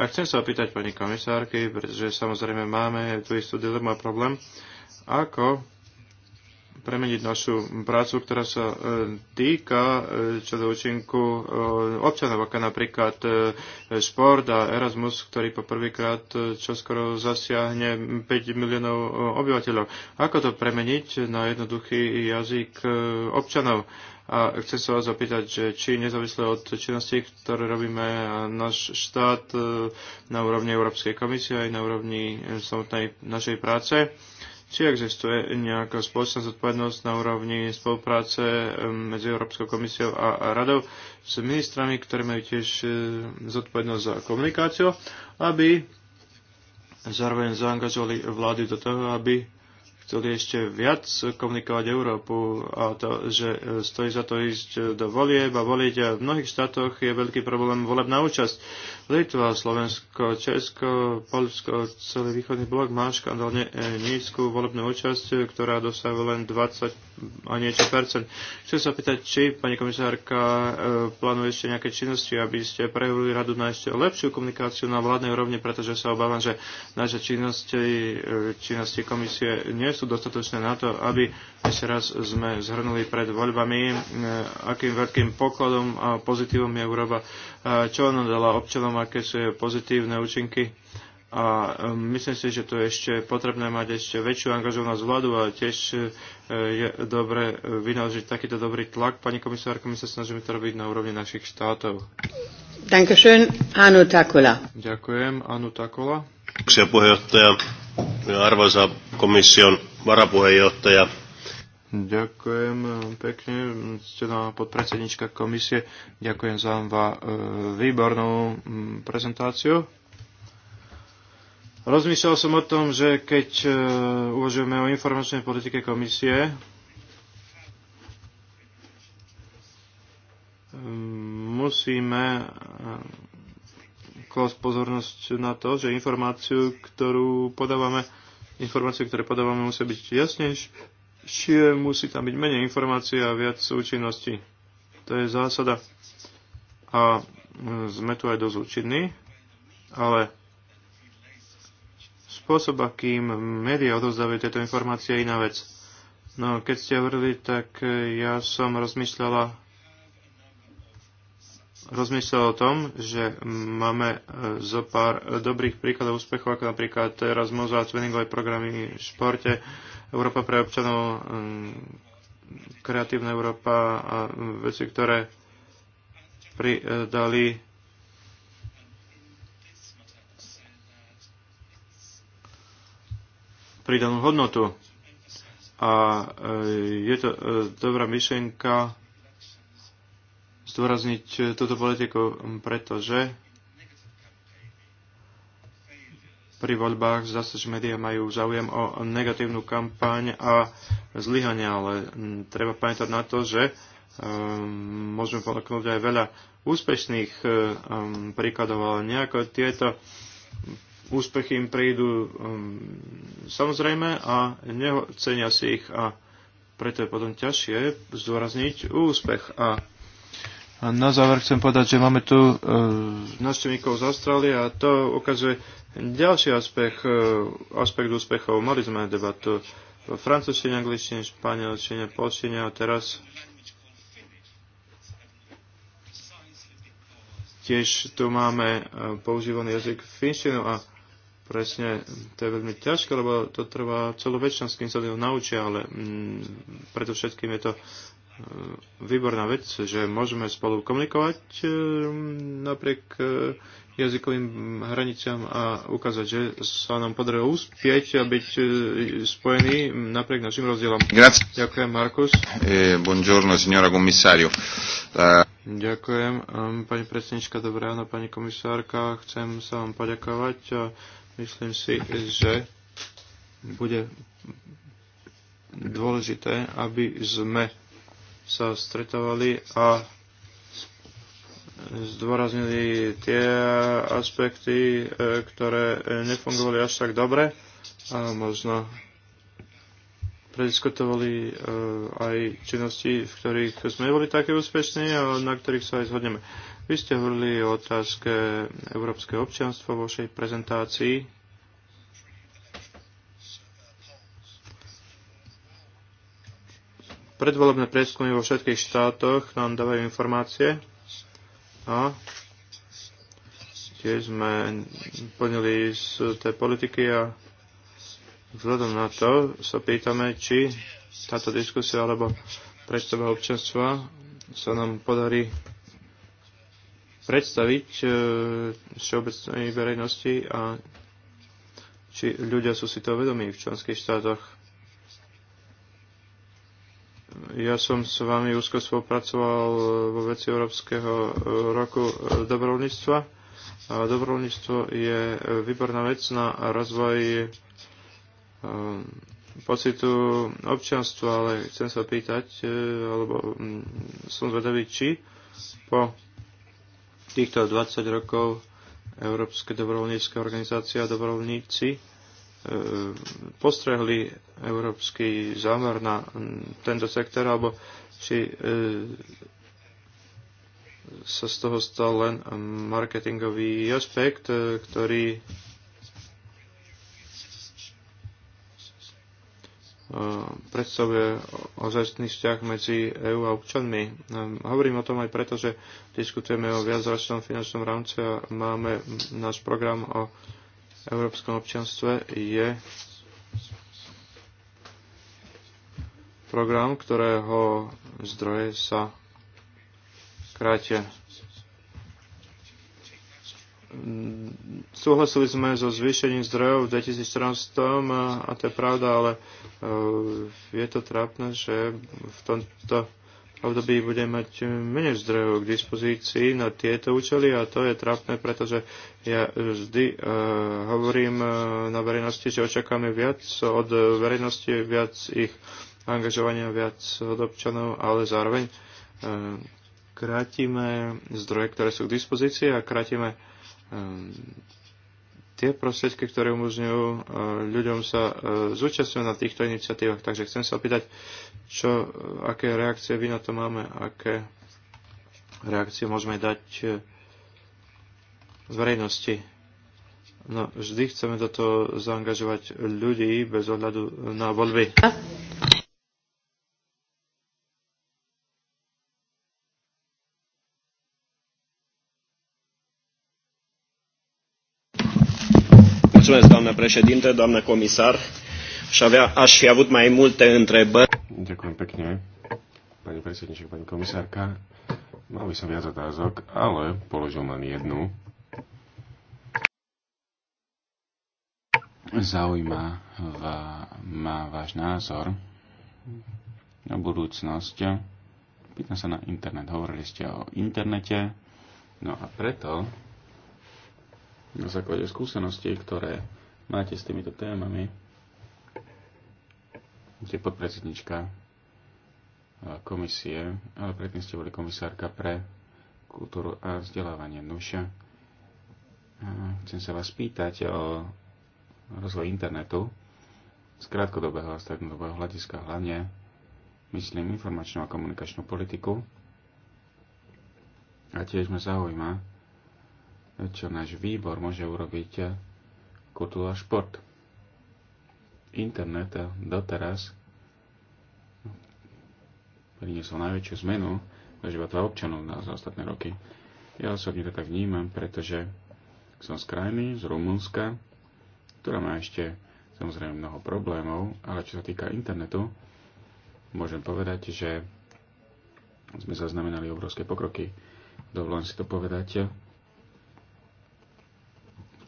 C: A chcem sa opýtať pani komisárky, pretože samozrejme máme tu istú dilemu a problém, ako premeniť našu prácu, ktorá sa e, týka e, čo do účinku e, občanov, ako napríklad šport a Erasmus, ktorý poprvýkrát čoskoro zasiahne 5 miliónov obyvateľov. Ako to premeniť na jednoduchý jazyk občanov? A chcem sa vás zapýtať, že či nezávisle od činnosti, ktoré robíme náš štát na úrovni Európskej komisie aj na úrovni samotnej našej práce, či existuje nejaká spoločná zodpovednosť na úrovni spolupráce medzi Európskou komisiou a radou s ministrami, ktorí majú tiež e, zodpovednosť za komunikáciu, aby zároveň zaangažovali vlády do toho, aby chceli ešte viac komunikovať Európu a to, že stojí za to ísť do volieb a voliť. A v mnohých štátoch je veľký problém volebná účasť. Litva, Slovensko, Česko, Polsko, celý východný blok má škandálne e, nízku volebnú účasť, ktorá dosahuje len 20 a niečo percent. Chcem sa pýtať, či pani komisárka e, plánuje ešte nejaké činnosti, aby ste prehovorili radu na ešte lepšiu komunikáciu na vládnej úrovni, pretože sa obávam, že naše činnosti, e, činnosti komisie nie sú dostatočné na to, aby ešte raz sme zhrnuli pred voľbami, e, akým veľkým pokladom a pozitívom je Európa, e, čo ona dala občanom, aké sú jej pozitívne účinky. A e, myslím si, že to je ešte potrebné mať ešte väčšiu angažovanosť vládu a tiež je dobre vynaložiť takýto dobrý tlak. Pani komisárka, my sa snažíme to robiť na úrovni našich štátov. Dankeschön, Anu Takola. Ďakujem, Anu Takola. Arvoisa komisión varapuheenjohtaja. Ďakujem pekne, stená podpredsednička komisie. Ďakujem za va, e, výbornú prezentáciu. Rozmýšľal som o tom, že keď e, uvažujeme o informačnej politike komisie, musíme e, klásť pozornosť na to, že informáciu, ktorú podávame, informácie, ktoré podávame, musia byť jasnejšie, musí tam byť menej informácií a viac súčinnosti. To je zásada. A e, sme tu aj dosť účinní, ale spôsob, akým médiá odozdávajú tieto informácie, je iná vec. No, keď ste hovorili, tak e, ja som rozmýšľala rozmýšľal o tom, že máme e, zo pár e, dobrých príkladov úspechov, ako napríklad teraz a tréningové programy v športe, Európa pre občanov, mm, kreatívna Európa a mm, veci, ktoré pridali pridanú hodnotu. A e, je to dobrá myšlienka, zdôrazniť eh, túto politiku, hm, pretože pri voľbách zdá sa, že médiá majú záujem o negatívnu kampaň a zlyhania, ale hm, treba pamätať na to, že um, môžeme ponúknuť aj veľa úspešných um, príkladov, ale nejako tieto úspechy im prídu um, samozrejme a nehocenia si ich a preto je potom ťažšie zdôrazniť úspech a a Na záver chcem povedať, že máme tu e, návštevníkov z Austrálie a to ukazuje ďalší aspekt, e, aspekt úspechov. Mali sme debatu v francúzštine, angličtine, španielčine, polštine a teraz Tiež tu máme e, používaný jazyk finštinu a presne to je veľmi ťažké, lebo to trvá celú väčšinu, s kým sa to naučia, ale mm, všetkým je to Ehm, výborná vec, že môžeme spolu komunikovať ehm, napriek e, jazykovým hraniciam a ukázať, že sa nám podarilo uspieť a byť e, spojení ehm, napriek našim rozdielom. Grazie. Ďakujem, Markus.
B: E, buongiorno, signora commissario. La...
C: Ďakujem, pani predsednička, dobré ráno, pani komisárka. Chcem sa vám poďakovať a myslím si, že bude dôležité, aby sme sa stretávali a zdôraznili tie aspekty, e, ktoré e, nefungovali až tak dobre a možno prediskutovali e, aj činnosti, v ktorých sme boli také úspešní a na ktorých sa aj zhodneme. Vy ste hovorili o otázke európskeho občianstva vo vašej prezentácii Predvolebné prieskumy vo všetkých štátoch nám dávajú informácie a no. tiež sme plnili z tej politiky a vzhľadom na to sa pýtame, či táto diskusia alebo predstava občanstva sa nám podarí predstaviť e, všeobecnej verejnosti a či ľudia sú si to vedomí v členských štátoch. Ja som s vami úzko spolupracoval e, vo veci Európskeho e, roku e, dobrovoľníctva. Dobrovoľníctvo je výborná vec na rozvoj pocitu občanstva, ale chcem sa pýtať, alebo som zvedavý, či po týchto 20 rokov Európske dobrovoľnícke organizácie a dobrovoľníci E, postrehli európsky zámer na tento sektor, alebo či e, sa z toho stal len marketingový aspekt, e, ktorý predstavuje ozajstný vzťah medzi EÚ a občanmi. Hovorím o tom aj preto, že diskutujeme o viacročnom finančnom rámci a máme náš program o európskom občanstve je program, ktorého zdroje sa krátia. Súhlasili sme so zvýšením zdrojov v 2014 a to je pravda, ale e, je to trápne, že v tomto období budem mať menej zdrojov k dispozícii na tieto účely a to je trápne, pretože ja vždy uh, hovorím uh, na verejnosti, že očakáme viac od verejnosti, viac ich angažovania, viac od občanov, ale zároveň uh, krátime zdroje, ktoré sú k dispozícii a krátime um, tie prostriedky, ktoré umožňujú e, ľuďom sa e, zúčastňovať na týchto iniciatívach. Takže chcem sa opýtať, čo, e, aké reakcie vy na to máme, aké reakcie môžeme dať z verejnosti. No, vždy chceme do toho zaangažovať ľudí bez ohľadu na voľby. președinte, doamnă comisar, și avea, aș fi avut mai multe întrebări.
B: Ďakujem pekne, pani predsedniček, pani komisárka. Mal by som viac otázok, ale položím len jednu. Zaujíma ma váš názor na budúcnosť. Pýtam sa na internet. Hovorili ste o internete. No a preto na základe skúseností, ktoré máte s týmito témami, ste podpredsednička e, komisie, ale predtým ste boli komisárka pre kultúru a vzdelávanie nuša. E, chcem sa vás pýtať o rozvoj internetu z krátkodobého a strednodobého hľadiska hlavne myslím informačnú a komunikačnú politiku. A tiež ma zaujíma, čo náš výbor môže urobiť kultúru a šport. Internet doteraz priniesol najväčšiu zmenu do života občanov na za ostatné roky. Ja osobne to tak vnímam, pretože som z krajiny, z Rumunska, ktorá má ešte samozrejme mnoho problémov, ale čo sa týka internetu, môžem povedať, že sme zaznamenali obrovské pokroky. Dovolím si to povedať,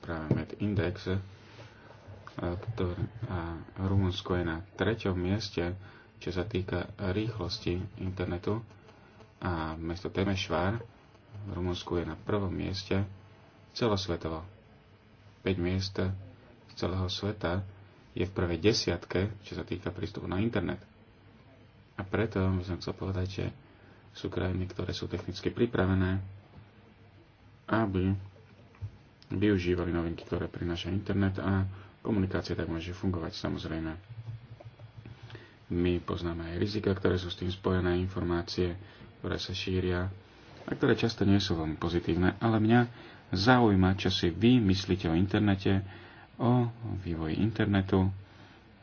B: Index MedIndex. A Rumunsko je na treťom mieste, čo sa týka rýchlosti internetu. A mesto Temešvár v Rumunsku je na prvom mieste celosvetovo. 5 miest z celého sveta je v prvej desiatke, čo sa týka prístupu na internet. A preto by som chcel povedať, že sú krajiny, ktoré sú technicky pripravené, aby využívali novinky, ktoré prináša internet a komunikácia tak môže fungovať samozrejme. My poznáme aj rizika, ktoré sú s tým spojené, informácie, ktoré sa šíria a ktoré často nie sú veľmi pozitívne, ale mňa zaujíma, čo si vy myslíte o internete, o vývoji internetu,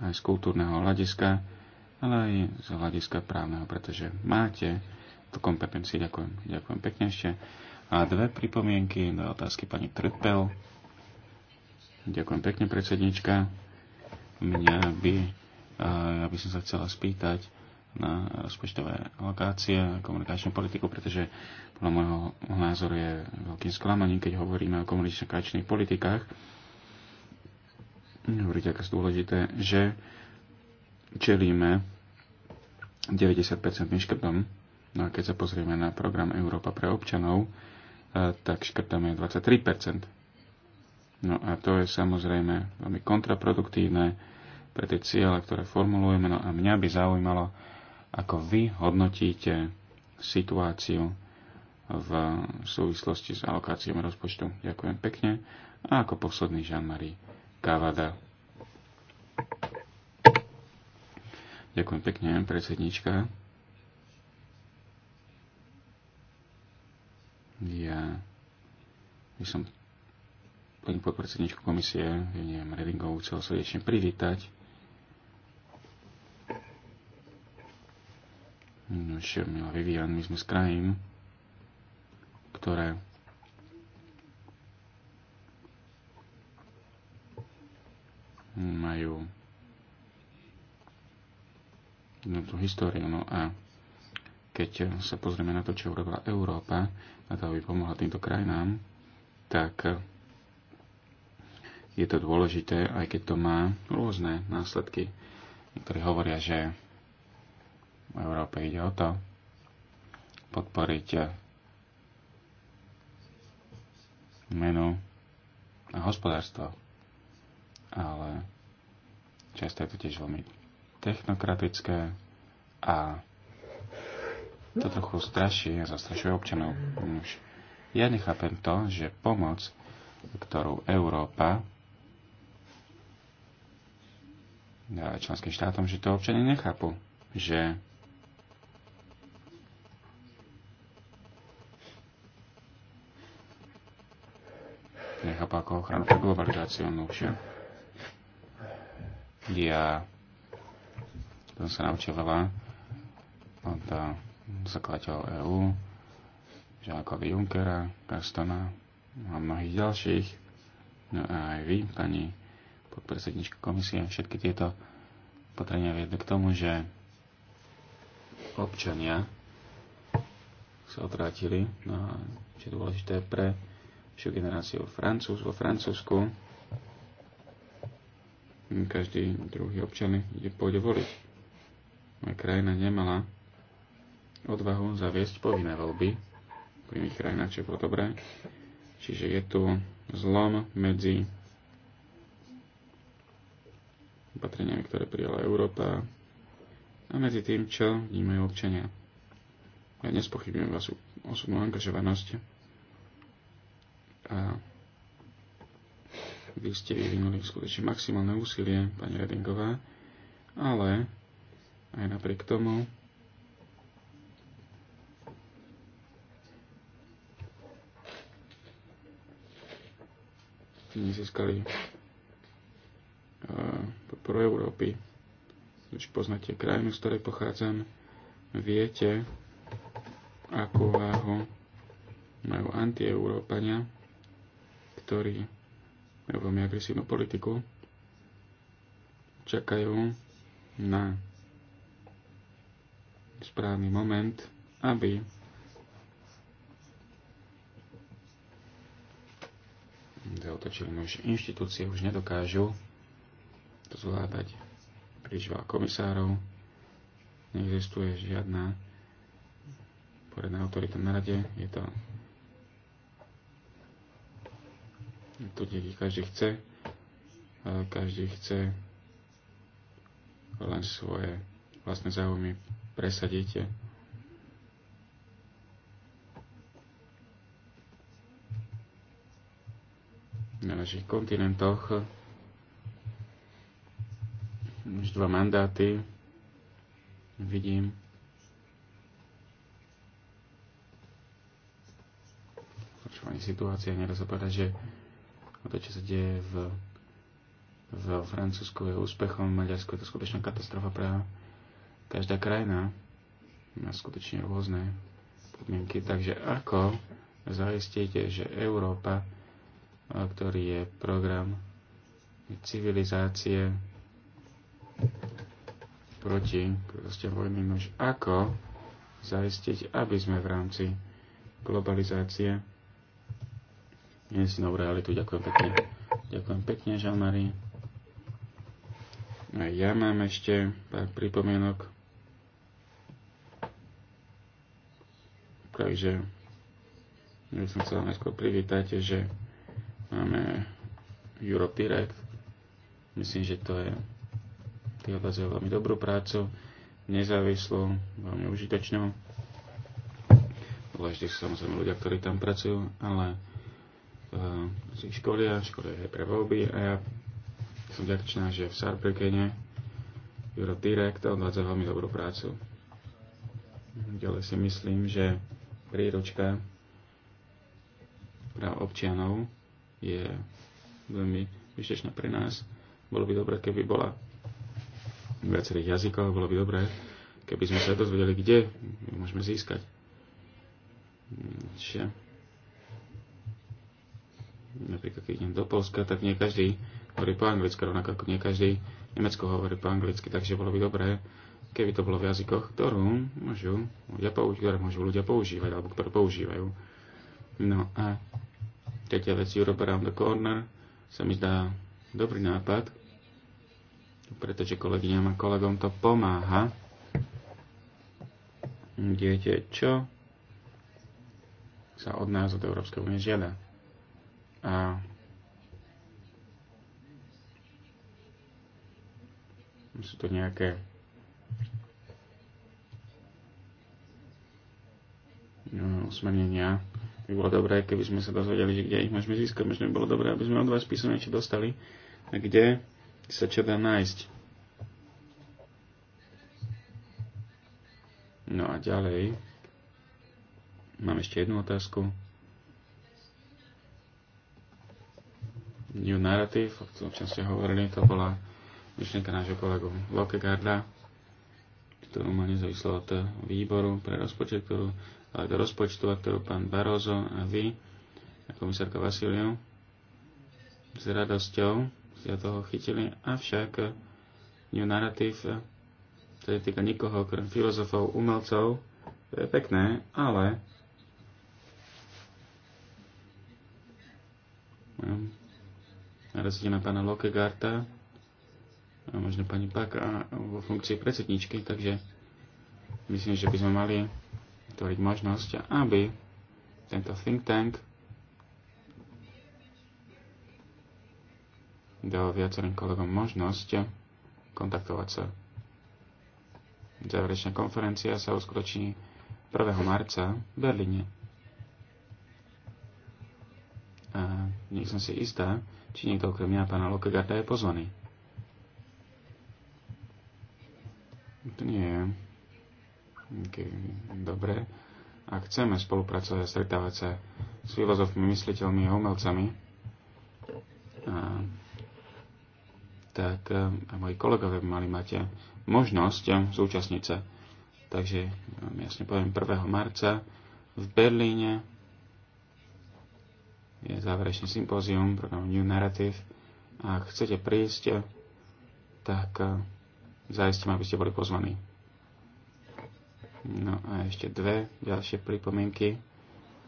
B: aj z kultúrneho hľadiska, ale aj z hľadiska právneho, pretože máte tú kompetenciu. Ďakujem, ďakujem pekne ešte. A dve pripomienky na otázky pani Trpel. Ďakujem pekne, predsednička. Mňa by, ja by som sa chcela spýtať na rozpočtové lokácie a komunikačnú politiku, pretože podľa môjho názoru je veľkým sklamaním, keď hovoríme o komunikačných politikách. Hovoríte, aké sú dôležité, že čelíme 90% škrtom. No a keď sa pozrieme na program Európa pre občanov, tak škrtáme 23%. No a to je samozrejme veľmi kontraproduktívne pre tie cieľe, ktoré formulujeme. No a mňa by zaujímalo, ako vy hodnotíte situáciu v súvislosti s alokáciou rozpočtu. Ďakujem pekne. A ako posledný Jean-Marie Kavada. Ďakujem pekne, predsednička. Ja by som pani podpredsedničku komisie, Vivian Redingovú, chcel srdečne privítať. ešte, milá Vivian, my sme z krajín, ktoré majú jednu tú históriu, no a keď sa pozrieme na to, čo urobila Európa, na to, aby pomohla týmto krajinám, tak je to dôležité, aj keď to má rôzne následky. Niektorí hovoria, že v Európe ide o to podporiť menu a hospodárstvo. Ale často je to tiež veľmi technokratické a to trochu straší a zastrašuje občanov. Už ja nechápem to, že pomoc, ktorú Európa dáva členským štátom, že to občania nechápu, že nechápu ako ochranu pre globalizáciu. No, ja som sa naučil veľa od zakladateľ EÚ, Žákovi Junckera, Carstona a mnohých ďalších. No a aj vy, pani podpredsednička komisie, všetky tieto opatrenia viedli k tomu, že občania sa otrátili, no a čo je dôležité pre ďalšiu generáciu Francúz vo Francúzsku. Každý druhý občan ide, pôjde voliť. Moja krajina nemala odvahu zaviesť povinné voľby v iných krajinách, čo bolo dobré. Čiže je tu zlom medzi opatreniami, ktoré prijala Európa a medzi tým, čo vnímajú občania. Ja nespochybňujem vás osobnú angažovanosť a vy ste vyvinuli skutočne maximálne úsilie, pani Redingová, ale aj napriek tomu tí získali e, podporu Európy. Už poznáte krajinu, z ktorej pochádzam, viete, akú váhu majú anti-Európania, ktorí majú veľmi agresívnu politiku, čakajú na správny moment, aby zaotočili, už inštitúcie už nedokážu to zvládať. Príliš veľa komisárov, neexistuje žiadna poriadna autorita na rade, je to tu, kde každý chce, každý chce len svoje vlastné záujmy presadiť našich kontinentoch už dva mandáty vidím Počúvanie situácia, Nedá sa povedať, že to, čo sa deje v, v Francúzsku, je úspechom. V Maďarsku je to skutočná katastrofa pre každá krajina. Má skutočne rôzne podmienky. Takže ako zaistíte, že Európa ktorý je program civilizácie proti proste vojny nož. Ako zaistiť, aby sme v rámci globalizácie nesli novú realitu. Ďakujem pekne. Ďakujem pekne, Žalmari. A ja mám ešte pár pripomienok. Takže ja som chcel najskôr privítať, že Máme Europirec. Myslím, že to je ty odvádzajú veľmi dobrú prácu, nezávislú, veľmi užitočnú. Dôležití sú samozrejme ľudia, ktorí tam pracujú, ale uh, si školia, školia je pre voľby a ja som ďakčná, že v Sarbrigene Eurodirect Direct odvádza veľmi dobrú prácu. Ďalej si myslím, že príručka pre občianov je veľmi vyšečná pre nás. Bolo by dobré, keby bola v viacerých jazykoch, bolo by dobré, keby sme sa dozvedeli, kde ju môžeme získať. Čiže, napríklad, keď idem do Polska, tak nie každý hovorí po anglicky, rovnako ako nie každý Nemecko hovorí po anglicky, takže bolo by dobré, keby to bolo v jazykoch, ktorú môžu ľudia použi- ktoré môžu ľudia používať, alebo ktoré používajú. No a keď tretia vec Europe Around the Corner sa mi zdá dobrý nápad, pretože kolegyňam a kolegom to pomáha. Viete, čo sa od nás, od Európskej únie žiada. A sú to nejaké usmernenia by bolo dobré, keby sme sa dozvedeli, že kde ich môžeme získať. Možno by bolo dobré, aby sme od vás písomne niečo dostali, kde sa čo dá nájsť. No a ďalej mám ešte jednu otázku. New Narrative, o čom ste hovorili, to bola myšlienka nášho kolegu Lokegarda, ktorú má nezávislo od výboru pre rozpočet, ktorú ale do rozpočtu, a ktorú pán Barozo a vy, a komisárka Vasiliu, s radosťou ste toho chytili, avšak eh, New Narrative, eh, to je týka nikoho, okrem filozofov, umelcov, to je pekné, ale eh, narazíte na pána Lokegarta a možno pani Paka vo funkcii predsedničky, takže myslím, že by sme mali vytvoriť možnosť, aby tento think tank dal viacerým kolegom možnosť kontaktovať sa. Záverečná konferencia sa uskutoční 1. marca v Berlíne. A nie som si istá, či niekto okrem mňa pána Lokegarda je pozvaný. To nie je Dobre. A chceme spolupracovať a stretávať sa s filozofmi, mysliteľmi a umelcami, a, tak a moji kolegovia by mali mať možnosť zúčastniť sa. Takže jasne poviem 1. marca v Berlíne je záverečný sympózium programu New Narrative. Ak chcete prísť, tak zaistím, aby ste boli pozvaní. No a ešte dve ďalšie pripomienky.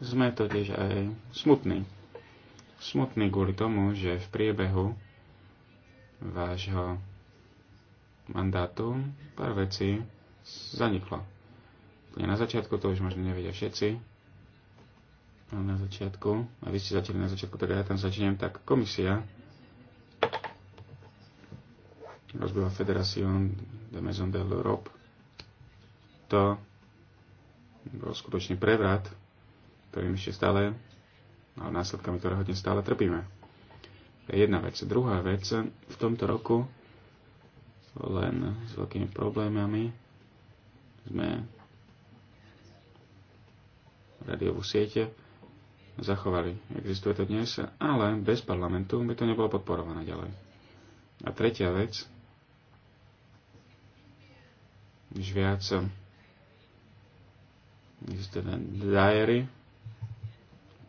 B: Sme totiž aj smutní. Smutní kvôli tomu, že v priebehu vášho mandátu pár vecí zaniklo. Na začiatku to už možno nevedia všetci, ale na začiatku, a vy ste začali na začiatku, tak teda ja tam začnem, tak komisia rozbila Federación de Maison de l'Europe to bol skutočný prevrat, ktorým ešte stále, ale no, následkami ktorého dnes stále trpíme. To je jedna vec. Druhá vec, v tomto roku len s veľkými problémami sme radiovú siete zachovali. Existuje to dnes, ale bez parlamentu by to nebolo podporované ďalej. A tretia vec, už viac ten Dyery,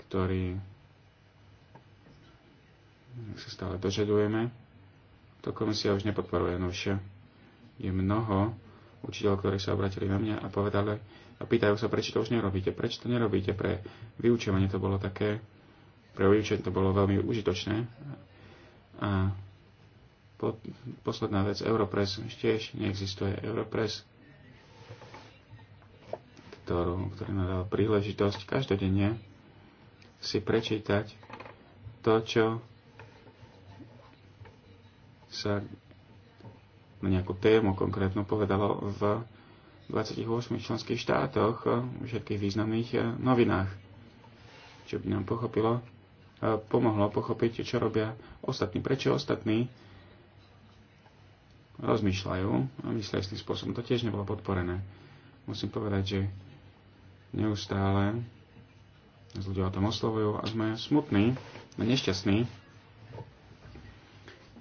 B: ktorý sa stále dožadujeme. To komisia už nepodporuje, novšie. je mnoho učiteľov, ktorí sa obratili na mňa a povedali a pýtajú sa, prečo to už nerobíte, prečo to nerobíte. Pre vyučovanie to bolo také, pre vyučovanie to bolo veľmi užitočné. A po, posledná vec, Europress, tiež neexistuje Europress, ktorú, ktorý nám dal príležitosť každodenne si prečítať to, čo sa na nejakú tému konkrétnu povedalo v 28 členských štátoch v všetkých významných eh, novinách. Čo by nám pochopilo, eh, pomohlo pochopiť, čo robia ostatní. Prečo ostatní rozmýšľajú a myslia s tým spôsobom. To tiež nebolo podporené. Musím povedať, že Neustále nás ľudia o tom oslovujú a sme smutní, sme nešťastní,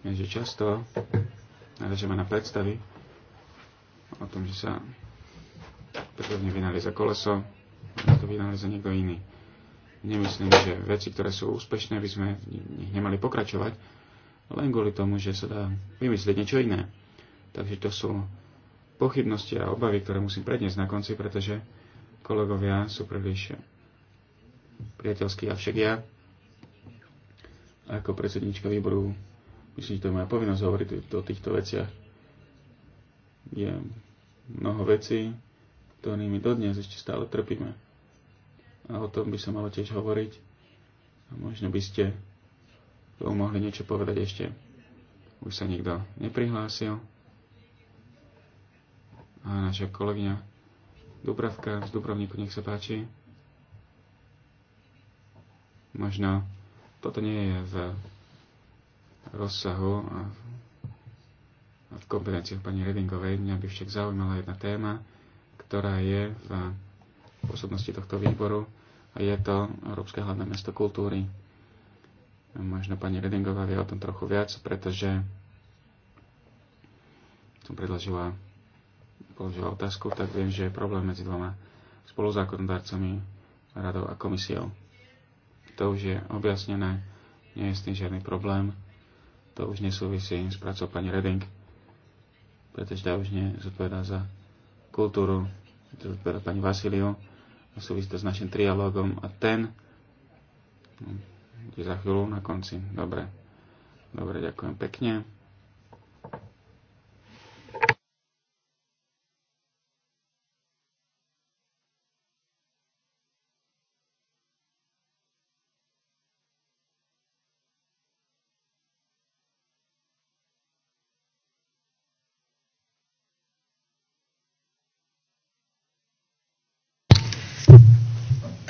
B: že často narážame na predstavy o tom, že sa prvne vynali za koleso, a to vynali za niekto iný. Nemyslím, že veci, ktoré sú úspešné, by sme v nich nemali pokračovať, len kvôli tomu, že sa dá vymyslieť niečo iné. Takže to sú pochybnosti a obavy, ktoré musím predniesť na konci, pretože kolegovia sú príliš priateľskí, avšak ja ako predsednička výboru, myslím, že to je moja povinnosť hovoriť o týchto veciach. Je mnoho vecí, ktorými dodnes ešte stále trpíme. A o tom by sa malo tiež hovoriť. A možno by ste tomu mohli niečo povedať ešte. Už sa nikto neprihlásil. A naša kolegyňa Dubravka z Dubrovníku, nech sa páči. Možno toto nie je v rozsahu a v kompetenciách pani Redingovej. Mňa by však zaujímala jedna téma, ktorá je v pôsobnosti tohto výboru a je to Európske hlavné mesto kultúry. Možno pani Redingová vie o tom trochu viac, pretože som predložila položila otázku, tak viem, že je problém medzi dvoma spoluzákonodárcami, radou a komisiou. To už je objasnené, nie je s tým žiadny problém. To už nesúvisí s prácou pani Reding, pretože tá už nezodpovedá za kultúru, to zodpovedá pani Vasiliu, a súvisí to s našim trialógom a ten je hm, za chvíľu na konci. Dobre. Dobre, ďakujem pekne.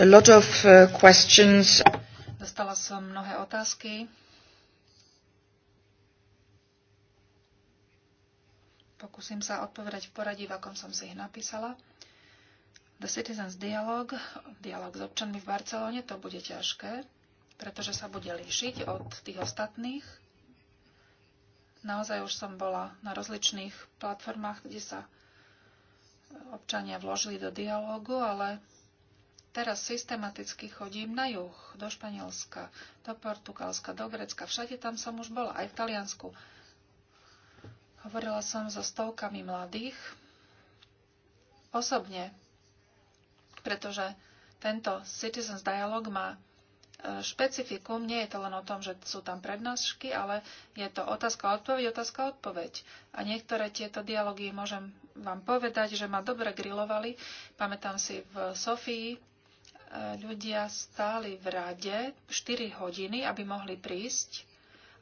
A: lot of uh, questions. Dostala som mnohé otázky. Pokúsim sa odpovedať v poradí, v akom som si ich napísala. The Citizens Dialogue, dialog s občanmi v Barcelone, to bude ťažké, pretože sa bude líšiť od tých ostatných. Naozaj už som bola na rozličných platformách, kde sa občania vložili do dialogu, ale Teraz systematicky chodím na juh, do Španielska, do Portugalska, do Grecka. Všade tam som už bola, aj v Taliansku. Hovorila som so stovkami mladých osobne, pretože tento Citizens Dialog má e, špecifikum, nie je to len o tom, že sú tam prednášky, ale je to otázka odpoveď, otázka odpoveď. A niektoré tieto dialógy môžem vám povedať, že ma dobre grilovali. Pamätám si v Sofii ľudia stáli v rade 4 hodiny, aby mohli prísť.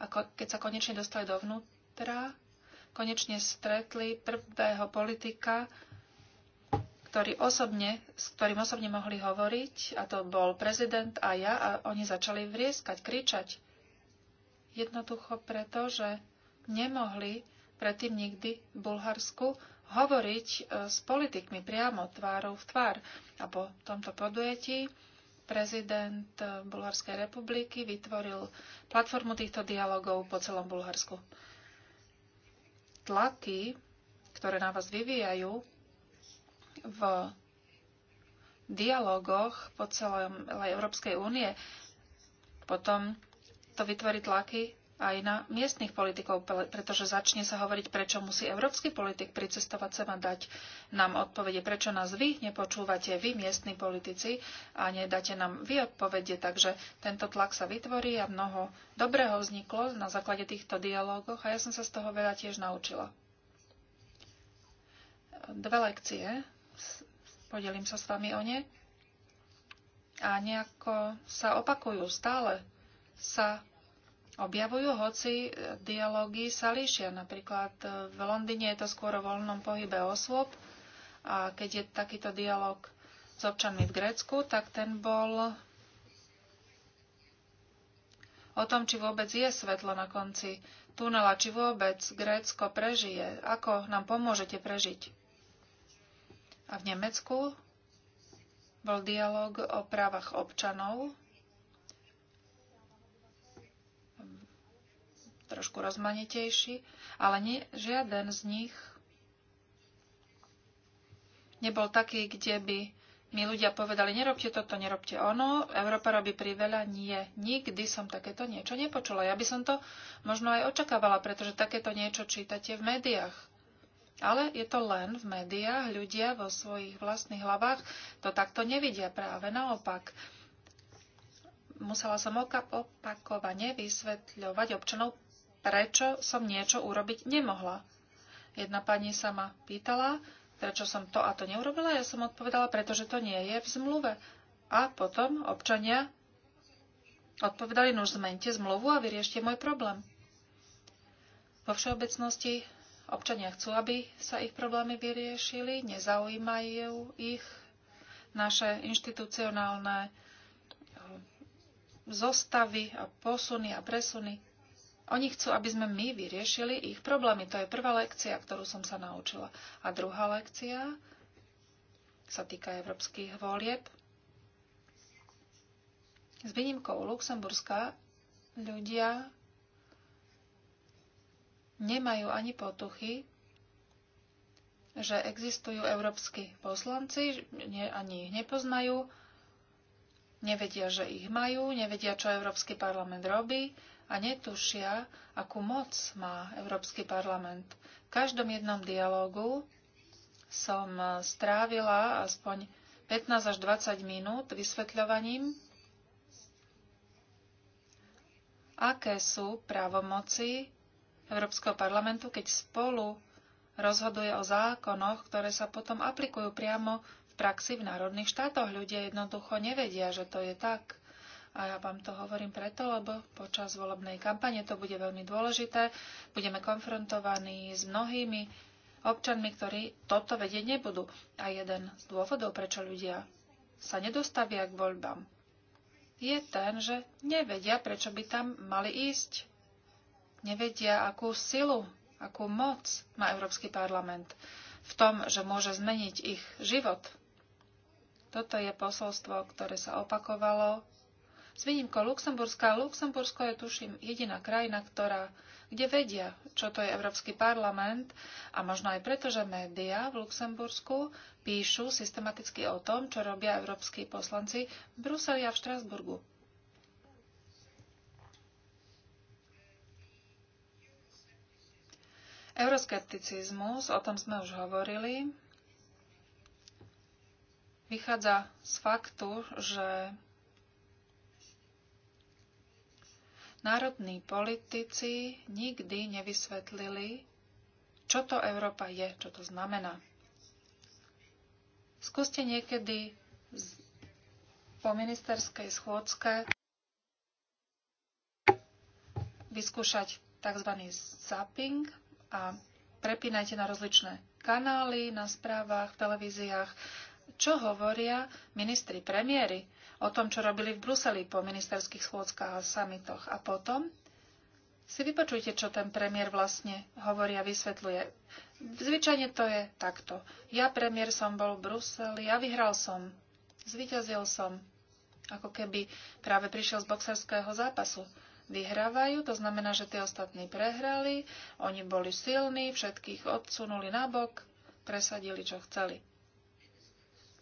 A: A keď sa konečne dostali dovnútra, konečne stretli prvého politika, ktorý osobne, s ktorým osobne mohli hovoriť, a to bol prezident a ja, a oni začali vrieskať, kričať. Jednoducho preto, že nemohli predtým nikdy v Bulharsku hovoriť e, s politikmi priamo tvárou v tvár. A po tomto podujetí, prezident e, Bulharskej republiky vytvoril platformu týchto dialogov po celom Bulharsku. Tlaky, ktoré na vás vyvíjajú v dialogoch po celej Európskej únie, potom to vytvorí tlaky aj na miestnych politikov, pretože začne sa hovoriť, prečo musí európsky politik pricestovať sem a dať nám odpovede, prečo nás vy nepočúvate, vy miestni politici a nedáte nám vy odpovede. Takže tento tlak sa vytvorí a mnoho dobrého vzniklo na základe týchto dialogov a ja som sa z toho veľa tiež naučila. Dve lekcie, podelím sa s vami o ne a nejako sa opakujú stále sa objavujú, hoci e, dialógy sa líšia. Napríklad e, v Londýne je to skôr o voľnom pohybe osôb a keď je takýto dialog s občanmi v Grécku, tak ten bol o tom, či vôbec je svetlo na konci tunela, či vôbec Grécko prežije, ako nám pomôžete prežiť. A v Nemecku bol dialog o právach občanov trošku rozmanitejší, ale nie, žiaden z nich nebol taký, kde by mi ľudia povedali, nerobte toto, nerobte ono, Európa robí priveľa. Nie, nikdy som takéto niečo nepočula. Ja by som to možno aj očakávala, pretože takéto niečo čítate v médiách. Ale je to len v médiách, ľudia vo svojich vlastných hlavách to takto nevidia, práve naopak. Musela som opakovane vysvetľovať občanov, prečo som niečo urobiť nemohla. Jedna pani sa ma pýtala, prečo som to a to neurobila. Ja som odpovedala, pretože to nie je v zmluve. A potom občania odpovedali, no zmente zmluvu a vyriešte môj problém. Vo všeobecnosti občania chcú, aby sa ich problémy vyriešili, nezaujímajú ich naše inštitucionálne eh, zostavy a posuny a presuny. Oni chcú, aby sme my vyriešili ich problémy. To je prvá lekcia, ktorú som sa naučila. A druhá lekcia sa týka európskych volieb. S výnimkou Luxemburska ľudia nemajú ani potuchy, že existujú európsky poslanci, ani ich nepoznajú, nevedia, že ich majú, nevedia, čo Európsky parlament robí a netušia, akú moc má Európsky parlament. V každom jednom dialogu som eh, strávila aspoň 15 až 20 minút vysvetľovaním, aké sú právomoci Európskeho parlamentu, keď spolu rozhoduje o zákonoch, ktoré sa potom aplikujú priamo v praxi v národných štátoch. Ľudia jednoducho nevedia, že to je tak. A ja vám to hovorím preto, lebo počas volebnej kampane to bude veľmi dôležité. Budeme konfrontovaní s mnohými občanmi, ktorí toto vedieť nebudú. A jeden z dôvodov, prečo ľudia sa nedostavia k voľbám, je ten, že nevedia, prečo by tam mali ísť. Nevedia, akú silu, akú moc má Európsky parlament v tom, že môže zmeniť ich život. Toto je posolstvo, ktoré sa opakovalo s výnimkou Luxemburska. Luxembursko je, tuším, jediná krajina, ktorá, kde vedia, čo to je Európsky parlament a možno aj preto, že médiá v Luxembursku píšu systematicky o tom, čo robia európsky poslanci v Bruseli a v Štrasburgu. Euroskepticizmus, o tom sme už hovorili, vychádza z faktu, že národní politici nikdy nevysvetlili, čo to Európa je, čo to znamená. Skúste niekedy po ministerskej schôdzke vyskúšať tzv. zapping a prepínajte na rozličné kanály, na správach, televíziách, čo hovoria ministri premiéry, o tom, čo robili v Bruseli po ministerských schôdzkach a samitoch. A potom si vypočujte, čo ten premiér vlastne hovorí a vysvetľuje. Zvyčajne to je takto. Ja premiér som bol v Bruseli ja vyhral som. zvyťazil som. Ako keby práve prišiel z boxerského zápasu vyhrávajú, to znamená, že tie ostatní prehrali, oni boli silní, všetkých odsunuli nabok, presadili, čo chceli.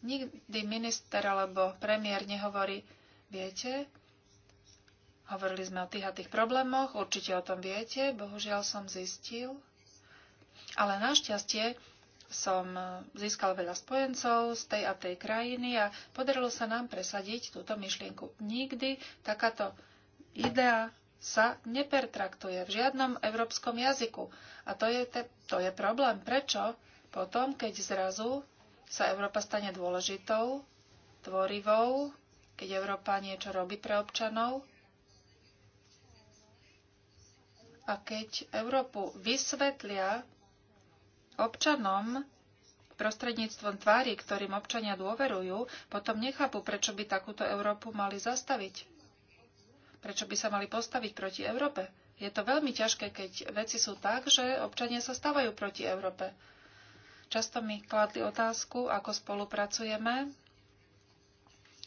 A: Nikdy minister alebo premiér nehovorí, viete, hovorili sme o tých a tých problémoch, určite o tom viete, bohužiaľ som zistil. Ale našťastie som e, získal veľa spojencov z tej a tej krajiny a podarilo sa nám presadiť túto myšlienku. Nikdy takáto idea sa nepertraktuje v žiadnom európskom jazyku. A to je, te, to je problém. Prečo potom, keď zrazu sa Európa stane dôležitou, tvorivou, keď Európa niečo robí pre občanov. A keď Európu vysvetlia občanom prostredníctvom tvári, ktorým občania dôverujú, potom nechápu, prečo by takúto Európu mali zastaviť. Prečo by sa mali postaviť proti Európe. Je to veľmi ťažké, keď veci sú tak, že občania sa stávajú proti Európe. Často mi kladli otázku, ako spolupracujeme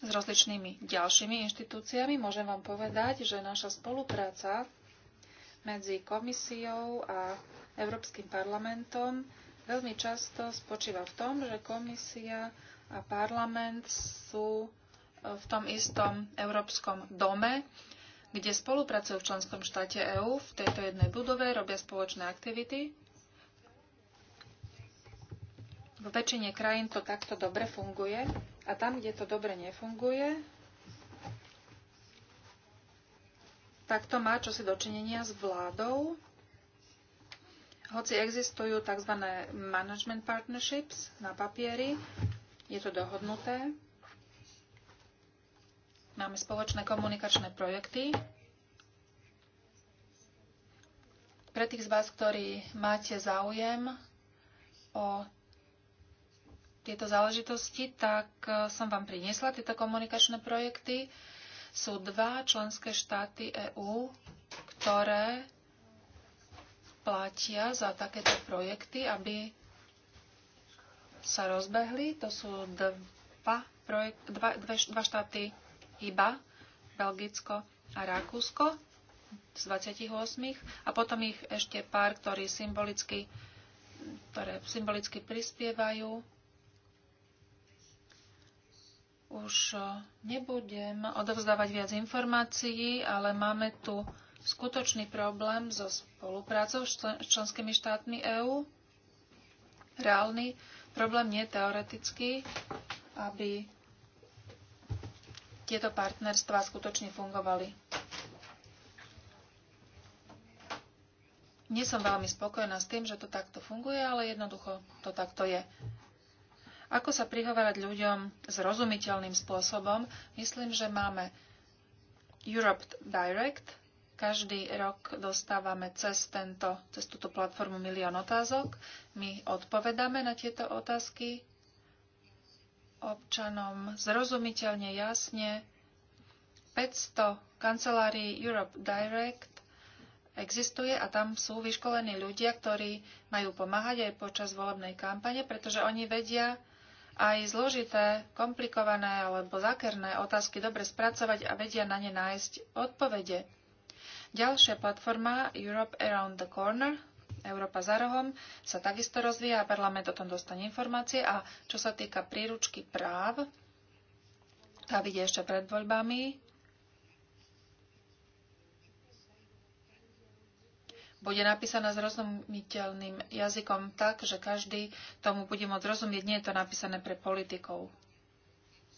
A: s rozličnými ďalšími inštitúciami. Môžem vám povedať, že naša spolupráca medzi komisiou a Európskym parlamentom veľmi často spočíva v tom, že komisia a parlament sú e, v tom istom európskom dome, kde spolupracujú v členskom štáte EÚ v tejto jednej budove, robia spoločné aktivity v väčšine krajín to takto dobre funguje a tam, kde to dobre nefunguje, tak to má čosi dočinenia s vládou. Hoci existujú tzv. management partnerships na papieri, je to dohodnuté. Máme spoločné komunikačné projekty, pre tých z vás, ktorí máte záujem o tieto záležitosti, tak e, som vám priniesla tieto komunikačné projekty. Sú dva členské štáty EÚ, ktoré platia za takéto projekty, aby sa rozbehli. To sú dva, projek- dva, dve, dva štáty IBA, Belgicko a Rakúsko z 28 a potom ich ešte pár, ktorí symbolicky, ktoré symbolicky prispievajú už eh, nebudem odovzdávať viac informácií, ale máme tu skutočný problém so spoluprácou s členskými štátmi EÚ. Reálny problém nie teoretický, aby tieto partnerstvá skutočne fungovali. Nie som veľmi spokojná s tým, že to takto funguje, ale jednoducho to takto je. Ako sa prihovárať ľuďom zrozumiteľným spôsobom? Myslím, že máme Europe Direct. Každý rok dostávame cez, tento, cez túto platformu milión otázok. My odpovedáme na tieto otázky občanom zrozumiteľne, jasne. 500 kancelárií Europe Direct existuje a tam sú vyškolení ľudia, ktorí majú pomáhať aj počas volebnej kampane, pretože oni vedia, aj zložité, komplikované alebo zakerné otázky dobre spracovať a vedia na ne nájsť odpovede. Ďalšia platforma Europe Around the Corner, Európa za rohom, sa takisto rozvíja a parlament o tom dostane informácie. A čo sa týka príručky práv, tá vidie ešte pred voľbami. bude napísaná zrozumiteľným jazykom tak, že každý tomu bude môcť rozumieť. Nie je to napísané pre politikov,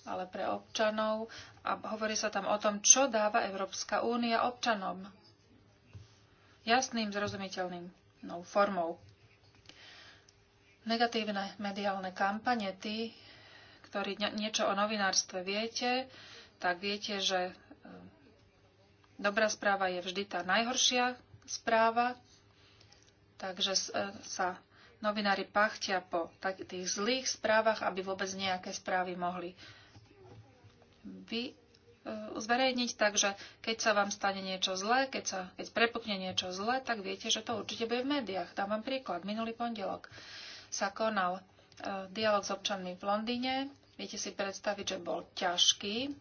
A: ale pre občanov. A hovorí sa tam o tom, čo dáva Európska únia občanom. Jasným, zrozumiteľným no, formou. Negatívne mediálne kampane, tí, ktorí niečo o novinárstve viete, tak viete, že e, dobrá správa je vždy tá najhoršia správa, takže e, sa novinári pachtia po tých zlých správach, aby vôbec nejaké správy mohli vy, e, zverejniť, takže keď sa vám stane niečo zlé, keď, sa, keď prepukne niečo zlé, tak viete, že to určite bude v médiách. Dám vám príklad. Minulý pondelok sa konal e, dialog s občanmi v Londýne. Viete si predstaviť, že bol ťažký.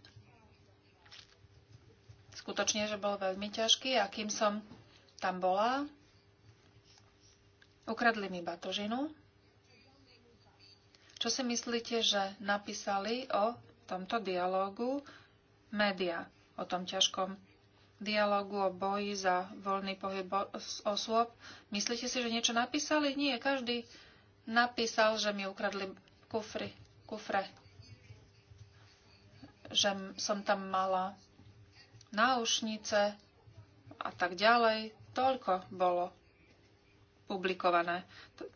A: Skutočne, že bol veľmi ťažký. A kým som tam bola. Ukradli mi batožinu. Čo si myslíte, že napísali o tomto dialógu média, o tom ťažkom dialógu o boji za voľný pohyb osôb. Myslíte si, že niečo napísali? Nie, každý napísal, že mi ukradli kufry, kufre. Že som tam mala náušnice a tak ďalej toľko bolo publikované.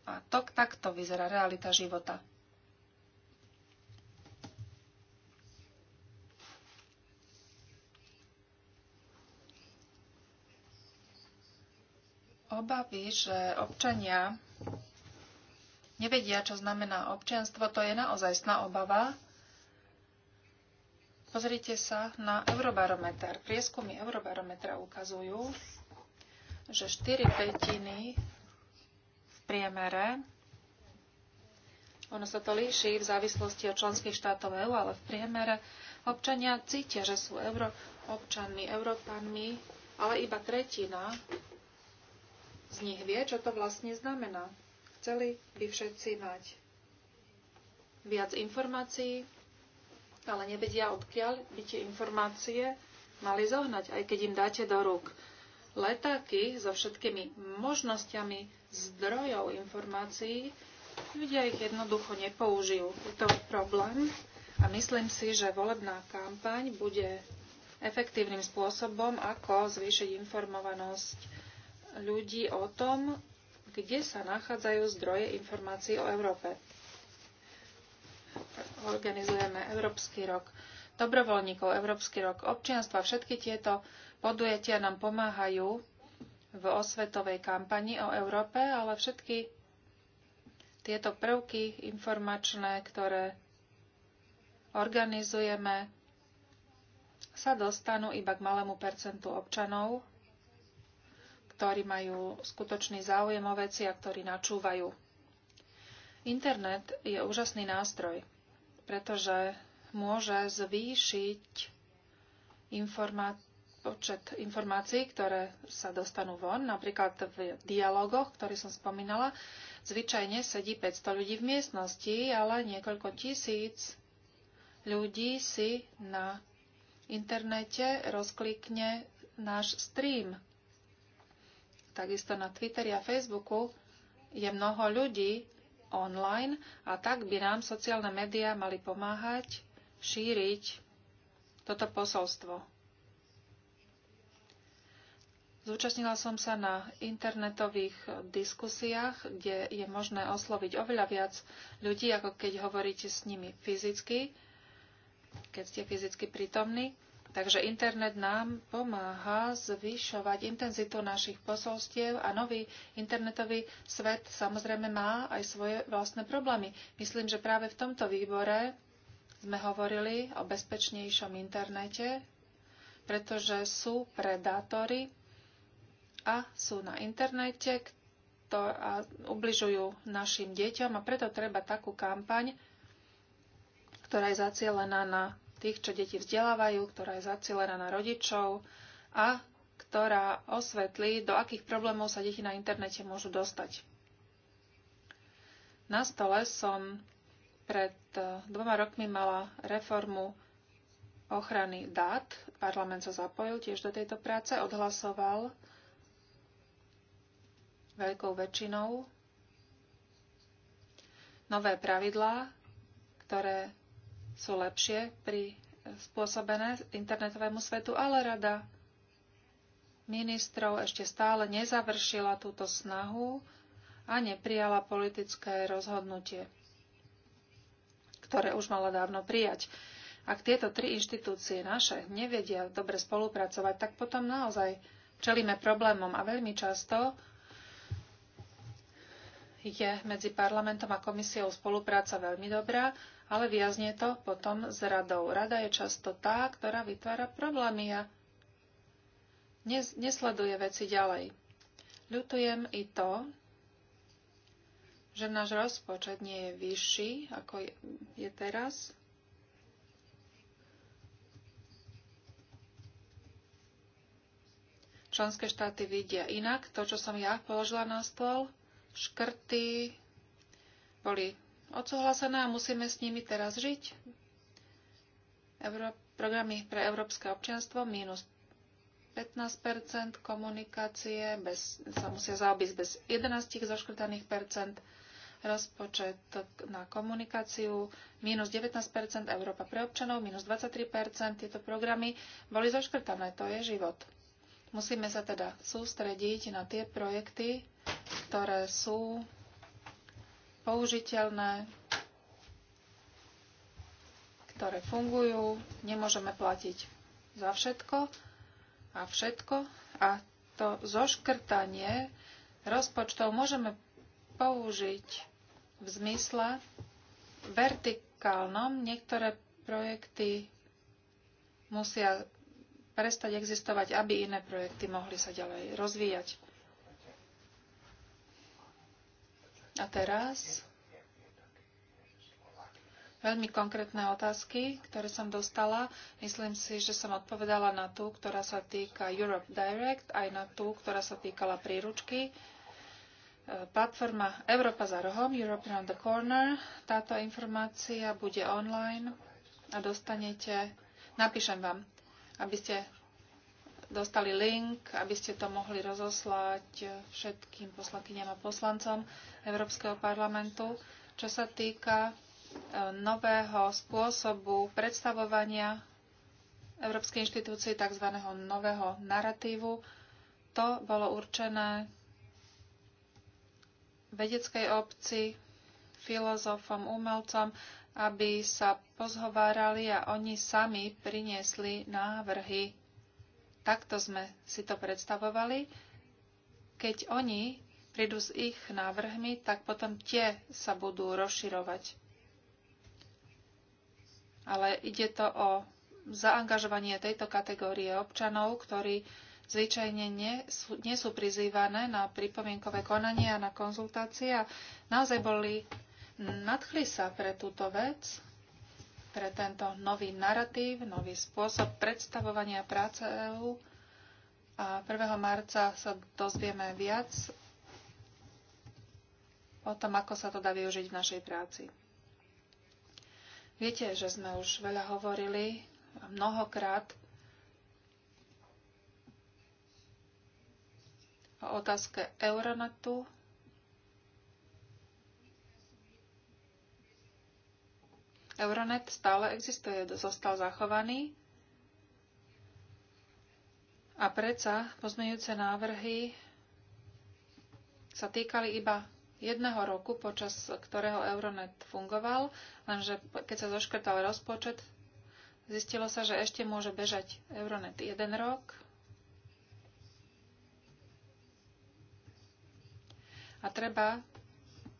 A: A to, takto vyzerá realita života. obavy, že občania nevedia, čo znamená občianstvo, to je naozaj sná obava. Pozrite sa na Eurobarometer. Prieskumy Eurobarometra ukazujú, že 4 petiny v priemere, ono sa to líši v závislosti od členských štátov EÚ, ale v priemere občania cítia, že sú euro, občanmi, európanmi, ale iba tretina z nich vie, čo to vlastne znamená. Chceli by všetci mať viac informácií, ale nevedia, odkiaľ by tie informácie mali zohnať, aj keď im dáte do rúk letáky so všetkými možnosťami zdrojov informácií, ľudia ich jednoducho nepoužijú. Je to problém a myslím si, že volebná kampaň bude efektívnym spôsobom, ako zvýšiť informovanosť ľudí o tom, kde sa nachádzajú zdroje informácií o Európe. Organizujeme Európsky rok dobrovoľníkov, Európsky rok občianstva, všetky tieto podujatia nám pomáhajú v osvetovej kampani o Európe, ale všetky tieto prvky informačné, ktoré organizujeme, sa dostanú iba k malému percentu občanov, ktorí majú skutočný záujem o veci a ktorí načúvajú. Internet je úžasný nástroj, pretože môže zvýšiť informáciu počet informácií, ktoré sa dostanú von, napríklad v dialogoch, ktoré som spomínala, zvyčajne sedí 500 ľudí v miestnosti, ale niekoľko tisíc ľudí si na internete rozklikne náš stream. Takisto na Twitteri a Facebooku je mnoho ľudí online a tak by nám sociálne médiá mali pomáhať šíriť toto posolstvo. Zúčastnila som sa na internetových diskusiách, kde je možné osloviť oveľa viac ľudí, ako keď hovoríte s nimi fyzicky, keď ste fyzicky prítomní. Takže internet nám pomáha zvyšovať intenzitu našich posolstiev a nový internetový svet samozrejme má aj svoje vlastné problémy. Myslím, že práve v tomto výbore sme hovorili o bezpečnejšom internete, pretože sú predátory, a sú na internete to, a ubližujú našim deťom a preto treba takú kampaň, ktorá je zacielená na tých, čo deti vzdelávajú, ktorá je zacielená na rodičov a ktorá osvetlí, do akých problémov sa deti na internete môžu dostať. Na stole som pred e, dvoma rokmi mala reformu ochrany dát. Parlament sa zapojil tiež do tejto práce, odhlasoval veľkou väčšinou nové pravidlá, ktoré sú lepšie pri eh, spôsobené internetovému svetu, ale rada ministrov ešte stále nezavršila túto snahu a neprijala politické rozhodnutie, ktoré už mala dávno prijať. Ak tieto tri inštitúcie naše nevedia dobre spolupracovať, tak potom naozaj čelíme problémom a veľmi často je medzi parlamentom a komisiou spolupráca veľmi dobrá, ale viaznie to potom s radou. Rada je často tá, ktorá vytvára problémy a nesleduje veci ďalej. Ľutujem i to, že náš rozpočet nie je vyšší, ako je teraz. Členské štáty vidia inak to, čo som ja položila na stôl, škrty boli odsúhlasené a musíme s nimi teraz žiť. Euró- programy pre európske občianstvo minus 15 komunikácie bez, sa musia zaobísť bez 11 zaškrtaných percent, rozpočet na komunikáciu minus 19 Európa pre občanov, minus 23 tieto programy boli zaškrtané. To je život. Musíme sa teda sústrediť na tie projekty, ktoré sú použiteľné, ktoré fungujú. Nemôžeme platiť za všetko a všetko. A to zoškrtanie rozpočtov môžeme použiť v zmysle vertikálnom. Niektoré projekty musia prestať existovať, aby iné projekty mohli sa ďalej rozvíjať. A teraz veľmi konkrétne otázky, ktoré som dostala. Myslím si, že som odpovedala na tú, ktorá sa týka Europe Direct, aj na tú, ktorá sa týkala príručky. E, platforma Európa za rohom, Europe Around the Corner. Táto informácia bude online a dostanete, napíšem vám, aby ste dostali link, aby ste to mohli rozoslať všetkým poslankyňam a poslancom Európskeho parlamentu. Čo sa týka e, nového spôsobu predstavovania Európskej inštitúcie, tzv. nového narratívu, to bolo určené vedeckej obci, filozofom, umelcom, aby sa pozhovárali a oni sami priniesli návrhy Takto sme si to predstavovali. Keď oni prídu s ich návrhmi, tak potom tie sa budú rozširovať. Ale ide to o zaangažovanie tejto kategórie občanov, ktorí zvyčajne nie sú, nie sú prizývané na pripomienkové konanie a na konzultácie a naozaj boli nadchli sa pre túto vec pre tento nový narratív, nový spôsob predstavovania práce EÚ. A 1. marca sa dozvieme viac o tom, ako sa to dá využiť v našej práci. Viete, že sme už veľa hovorili a mnohokrát o otázke Euronatu, Euronet stále existuje, zostal zachovaný a predsa pozmeňujúce návrhy sa týkali iba jedného roku, počas ktorého Euronet fungoval, lenže keď sa zoškrtal rozpočet, zistilo sa, že ešte môže bežať Euronet jeden rok. A treba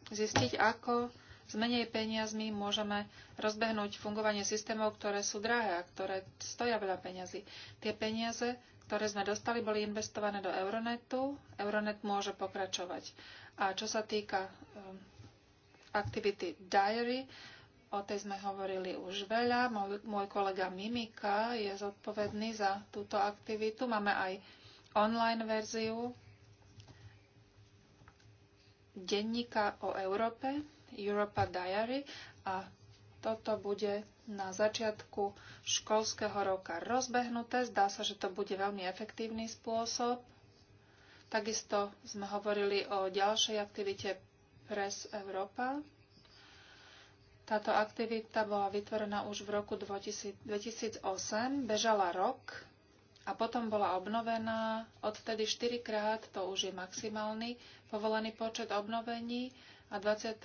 A: zistiť, ako s menej peniazmi môžeme rozbehnúť fungovanie systémov, ktoré sú drahé a ktoré stoja veľa peňazí. Tie peniaze, ktoré sme dostali, boli investované do Euronetu. Euronet môže pokračovať. A čo sa týka um, aktivity Diary, o tej sme hovorili už veľa. Môj, môj kolega Mimika je zodpovedný za túto aktivitu. Máme aj online verziu denníka o Európe. Europa Diary a toto bude na začiatku školského roka rozbehnuté. Zdá sa, že to bude veľmi efektívny spôsob. Takisto sme hovorili o ďalšej aktivite Press Europa. Táto aktivita bola vytvorená už v roku 2008, bežala rok a potom bola obnovená odtedy 4 krát, to už je maximálny povolený počet obnovení a 20.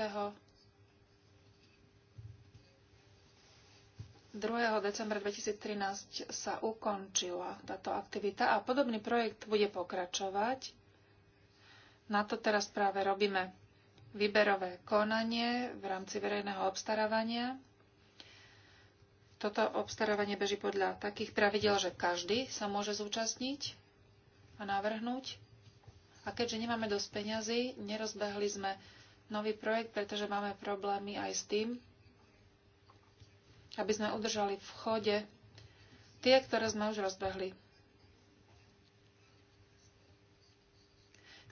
A: 2. decembra 2013 sa ukončila táto aktivita a podobný projekt bude pokračovať. Na to teraz práve robíme výberové konanie v rámci verejného obstarávania. Toto obstarávanie beží podľa takých pravidel, že každý sa môže zúčastniť a navrhnúť. A keďže nemáme dosť peňazí, nerozbehli sme nový projekt, pretože máme problémy aj s tým, aby sme udržali v chode tie, ktoré sme už rozbehli.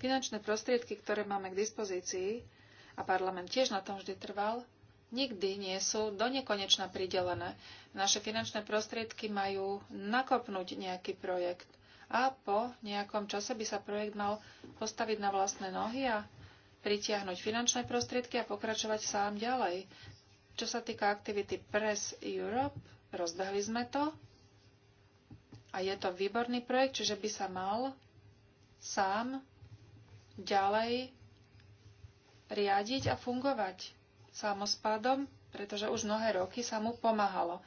A: Finančné prostriedky, ktoré máme k dispozícii, a parlament tiež na tom vždy trval, nikdy nie sú do nekonečna pridelené. Naše finančné prostriedky majú nakopnúť nejaký projekt a po nejakom čase by sa projekt mal postaviť na vlastné nohy a pritiahnuť finančné prostriedky a pokračovať sám ďalej. Čo sa týka aktivity Press Europe, rozbehli sme to a je to výborný projekt, čiže by sa mal sám ďalej riadiť a fungovať samospádom, pretože už mnohé roky sa mu pomáhalo.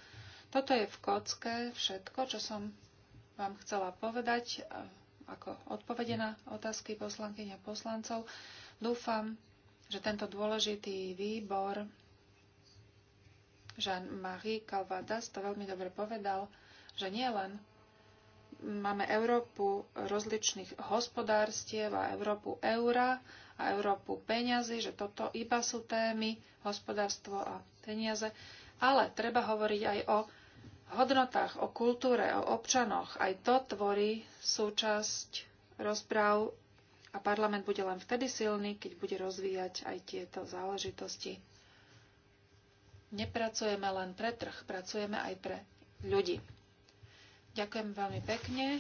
A: Toto je v kocke všetko, čo som vám chcela povedať ako odpovede na otázky poslankyň a poslancov. Dúfam, že tento dôležitý výbor, Jean-Marie Calvadas to veľmi dobre povedal, že nie len máme Európu rozličných hospodárstiev a Európu eura a Európu peňazí, že toto iba sú témy hospodárstvo a peniaze, ale treba hovoriť aj o hodnotách, o kultúre, o občanoch. Aj to tvorí súčasť rozpráv a parlament bude len vtedy silný, keď bude rozvíjať aj tieto záležitosti. Nepracujeme len pre trh, pracujeme aj pre ľudí. Ďakujem veľmi pekne,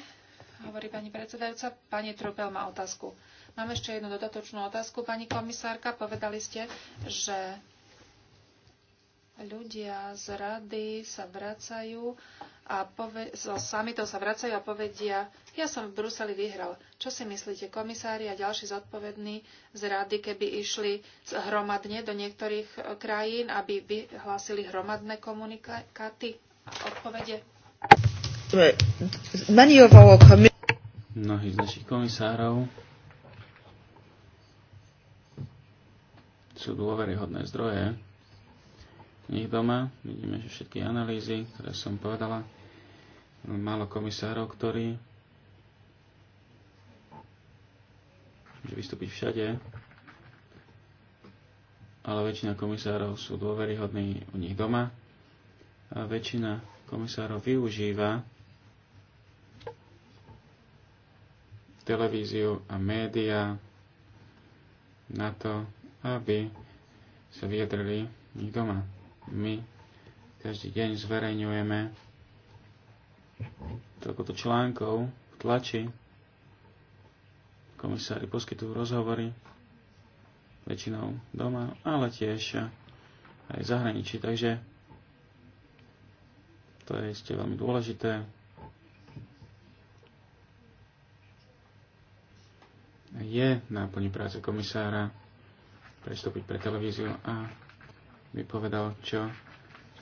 A: hovorí pani predsedajúca. Pani Trupel má otázku. Mám ešte jednu dodatočnú otázku. Pani komisárka, povedali ste, že ľudia z rady sa vracajú a pove- so summitov sa vracajú a povedia, ja som v Bruseli vyhral. Čo si myslíte, komisári a ďalší zodpovední z rady, keby išli hromadne do niektorých e, krajín, aby vyhlásili hromadné komunikáty a odpovede?
B: Mnohí z našich komisárov sú dôveryhodné zdroje, ich doma. Vidíme, že všetky analýzy, ktoré som povedala, málo komisárov, ktorí môže vystúpiť všade, ale väčšina komisárov sú dôveryhodní u nich doma a väčšina komisárov využíva televíziu a média na to, aby sa vyjadrili ich doma my každý deň zverejňujeme toľkoto článkov v tlači. Komisári poskytujú rozhovory väčšinou doma, ale tiež aj v zahraničí. Takže to je ešte veľmi dôležité. Je plný práce komisára prestúpiť pre televíziu a by povedal, čo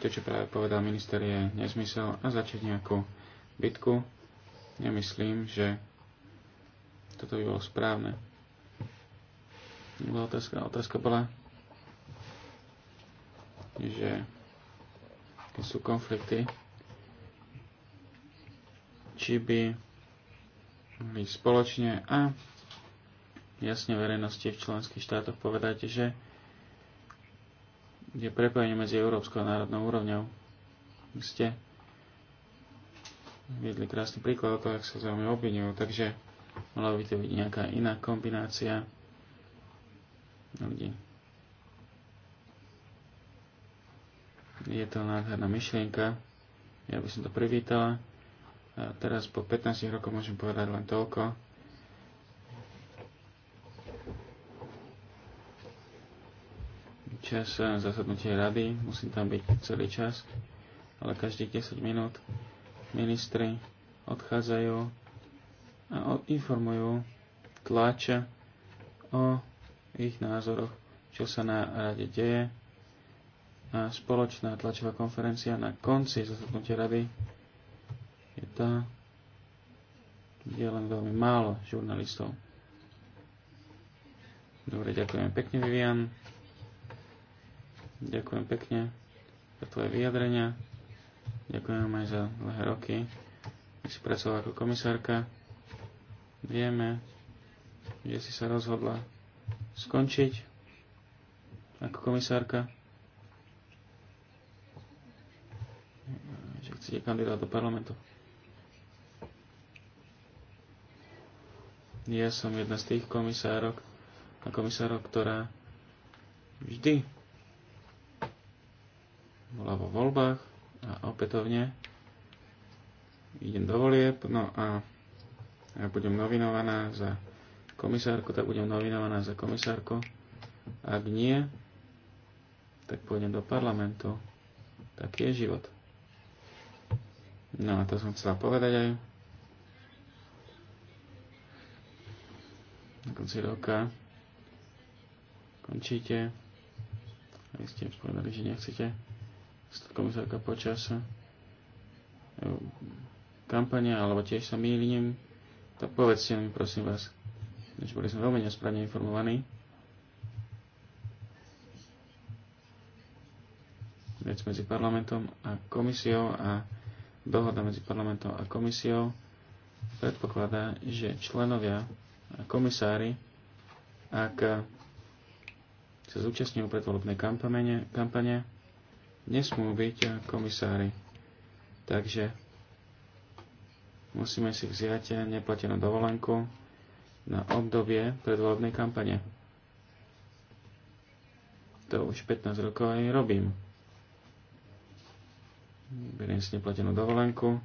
B: to, čo práve povedal minister, je nezmysel a začať nejakú bitku. Nemyslím, že toto by bolo správne. Bola otázka, otázka bola, že keď sú konflikty, či by mohli spoločne a jasne verejnosti v členských štátoch povedať, že je prepojenie medzi európskou a národnou úrovňou. Ste viedli krásny príklad o to, ak sa veľmi mňa takže mala by to byť nejaká iná kombinácia ľudí. Je to nádherná myšlienka, ja by som to privítala. A teraz po 15 rokoch môžem povedať len toľko, čas zasadnutie rady, musím tam byť celý čas, ale každých 10 minút ministri odchádzajú a informujú tláča o ich názoroch, čo sa na rade deje. A spoločná tlačová konferencia na konci zasadnutia rady je tá, kde je len veľmi málo žurnalistov. Dobre, ďakujem pekne, Vivian. Ďakujem pekne za tvoje vyjadrenia. Ďakujem aj za dlhé roky, keď si pracovala ako komisárka. Vieme, že si sa rozhodla skončiť ako komisárka. Že chcete kandidát do parlamentu. Ja som jedna z tých komisárok a komisárok, ktorá vždy bola vo voľbách a opätovne idem do volieb, no a ja budem novinovaná za komisárku, tak budem novinovaná za komisárku. Ak nie, tak pôjdem do parlamentu. Taký je život. No a to som chcela povedať aj. Na konci roka končíte. A ste povedali, že nechcete komisárka počas kampania, alebo tiež sa mýlim, tak povedzte mi, prosím vás, než boli sme veľmi nesprávne informovaní. Vec medzi parlamentom a komisiou a dohoda medzi parlamentom a komisiou predpokladá, že členovia a komisári, ak sa zúčastňujú predvolebnej kampane, kampane nesmú byť komisári. Takže musíme si vziať neplatenú dovolenku na obdobie predvolebnej kampane. To už 15 rokov aj robím. Beriem si neplatenú dovolenku,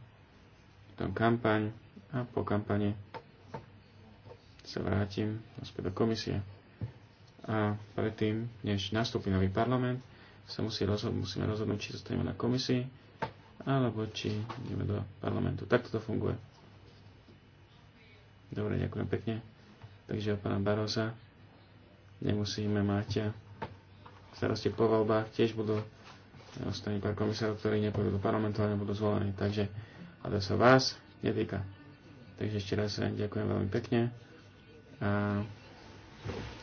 B: potom kampaň a po kampani sa vrátim naspäť do komisie. A predtým, než nastúpi nový parlament, sa musí rozhod- musíme rozhodnúť, či zostaneme na komisii, alebo či ideme do parlamentu. Takto to funguje. Dobre, ďakujem pekne. Takže o pána Baroza nemusíme mať starosti po voľbách. Tiež budú ostatní pár komisárov, ktorí nepôjdu do parlamentu a nebudú zvolení. Takže a to sa vás netýka. Takže ešte raz ďakujem veľmi pekne. A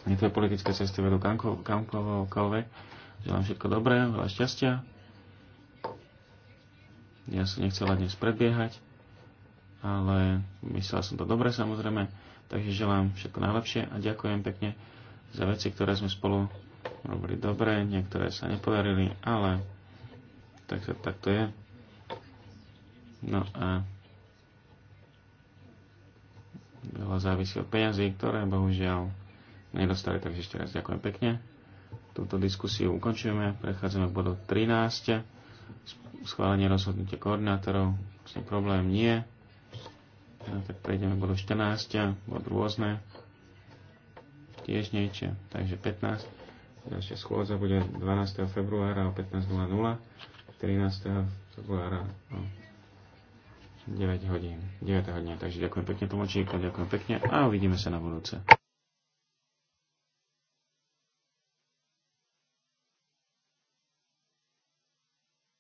B: je politické cesty vedú kamkoľvek. Kam, Želám no, všetko dobré, veľa šťastia. Ja som nechcela dnes predbiehať, ale myslela som to dobre samozrejme, takže želám všetko najlepšie a ďakujem pekne za veci, ktoré sme spolu robili dobre, niektoré sa nepodarili, ale tak, to, tak to je. No a veľa závisí od peňazí, ktoré bohužiaľ nedostali, takže ešte raz ďakujem pekne. Túto diskusiu ukončujeme. Prechádzame k bodu 13. Schválenie rozhodnutia koordinátorov. Vlastne problém nie. No, tak prejdeme k bodu 14. Bod rôzne. Tiež niečo. Takže 15. Ďalšia schôdza bude 12. februára o 15.00. 13. februára o 9 hodín, 9 hodín. Takže ďakujem pekne tlmočníkom, ďakujem pekne a uvidíme sa na budúce.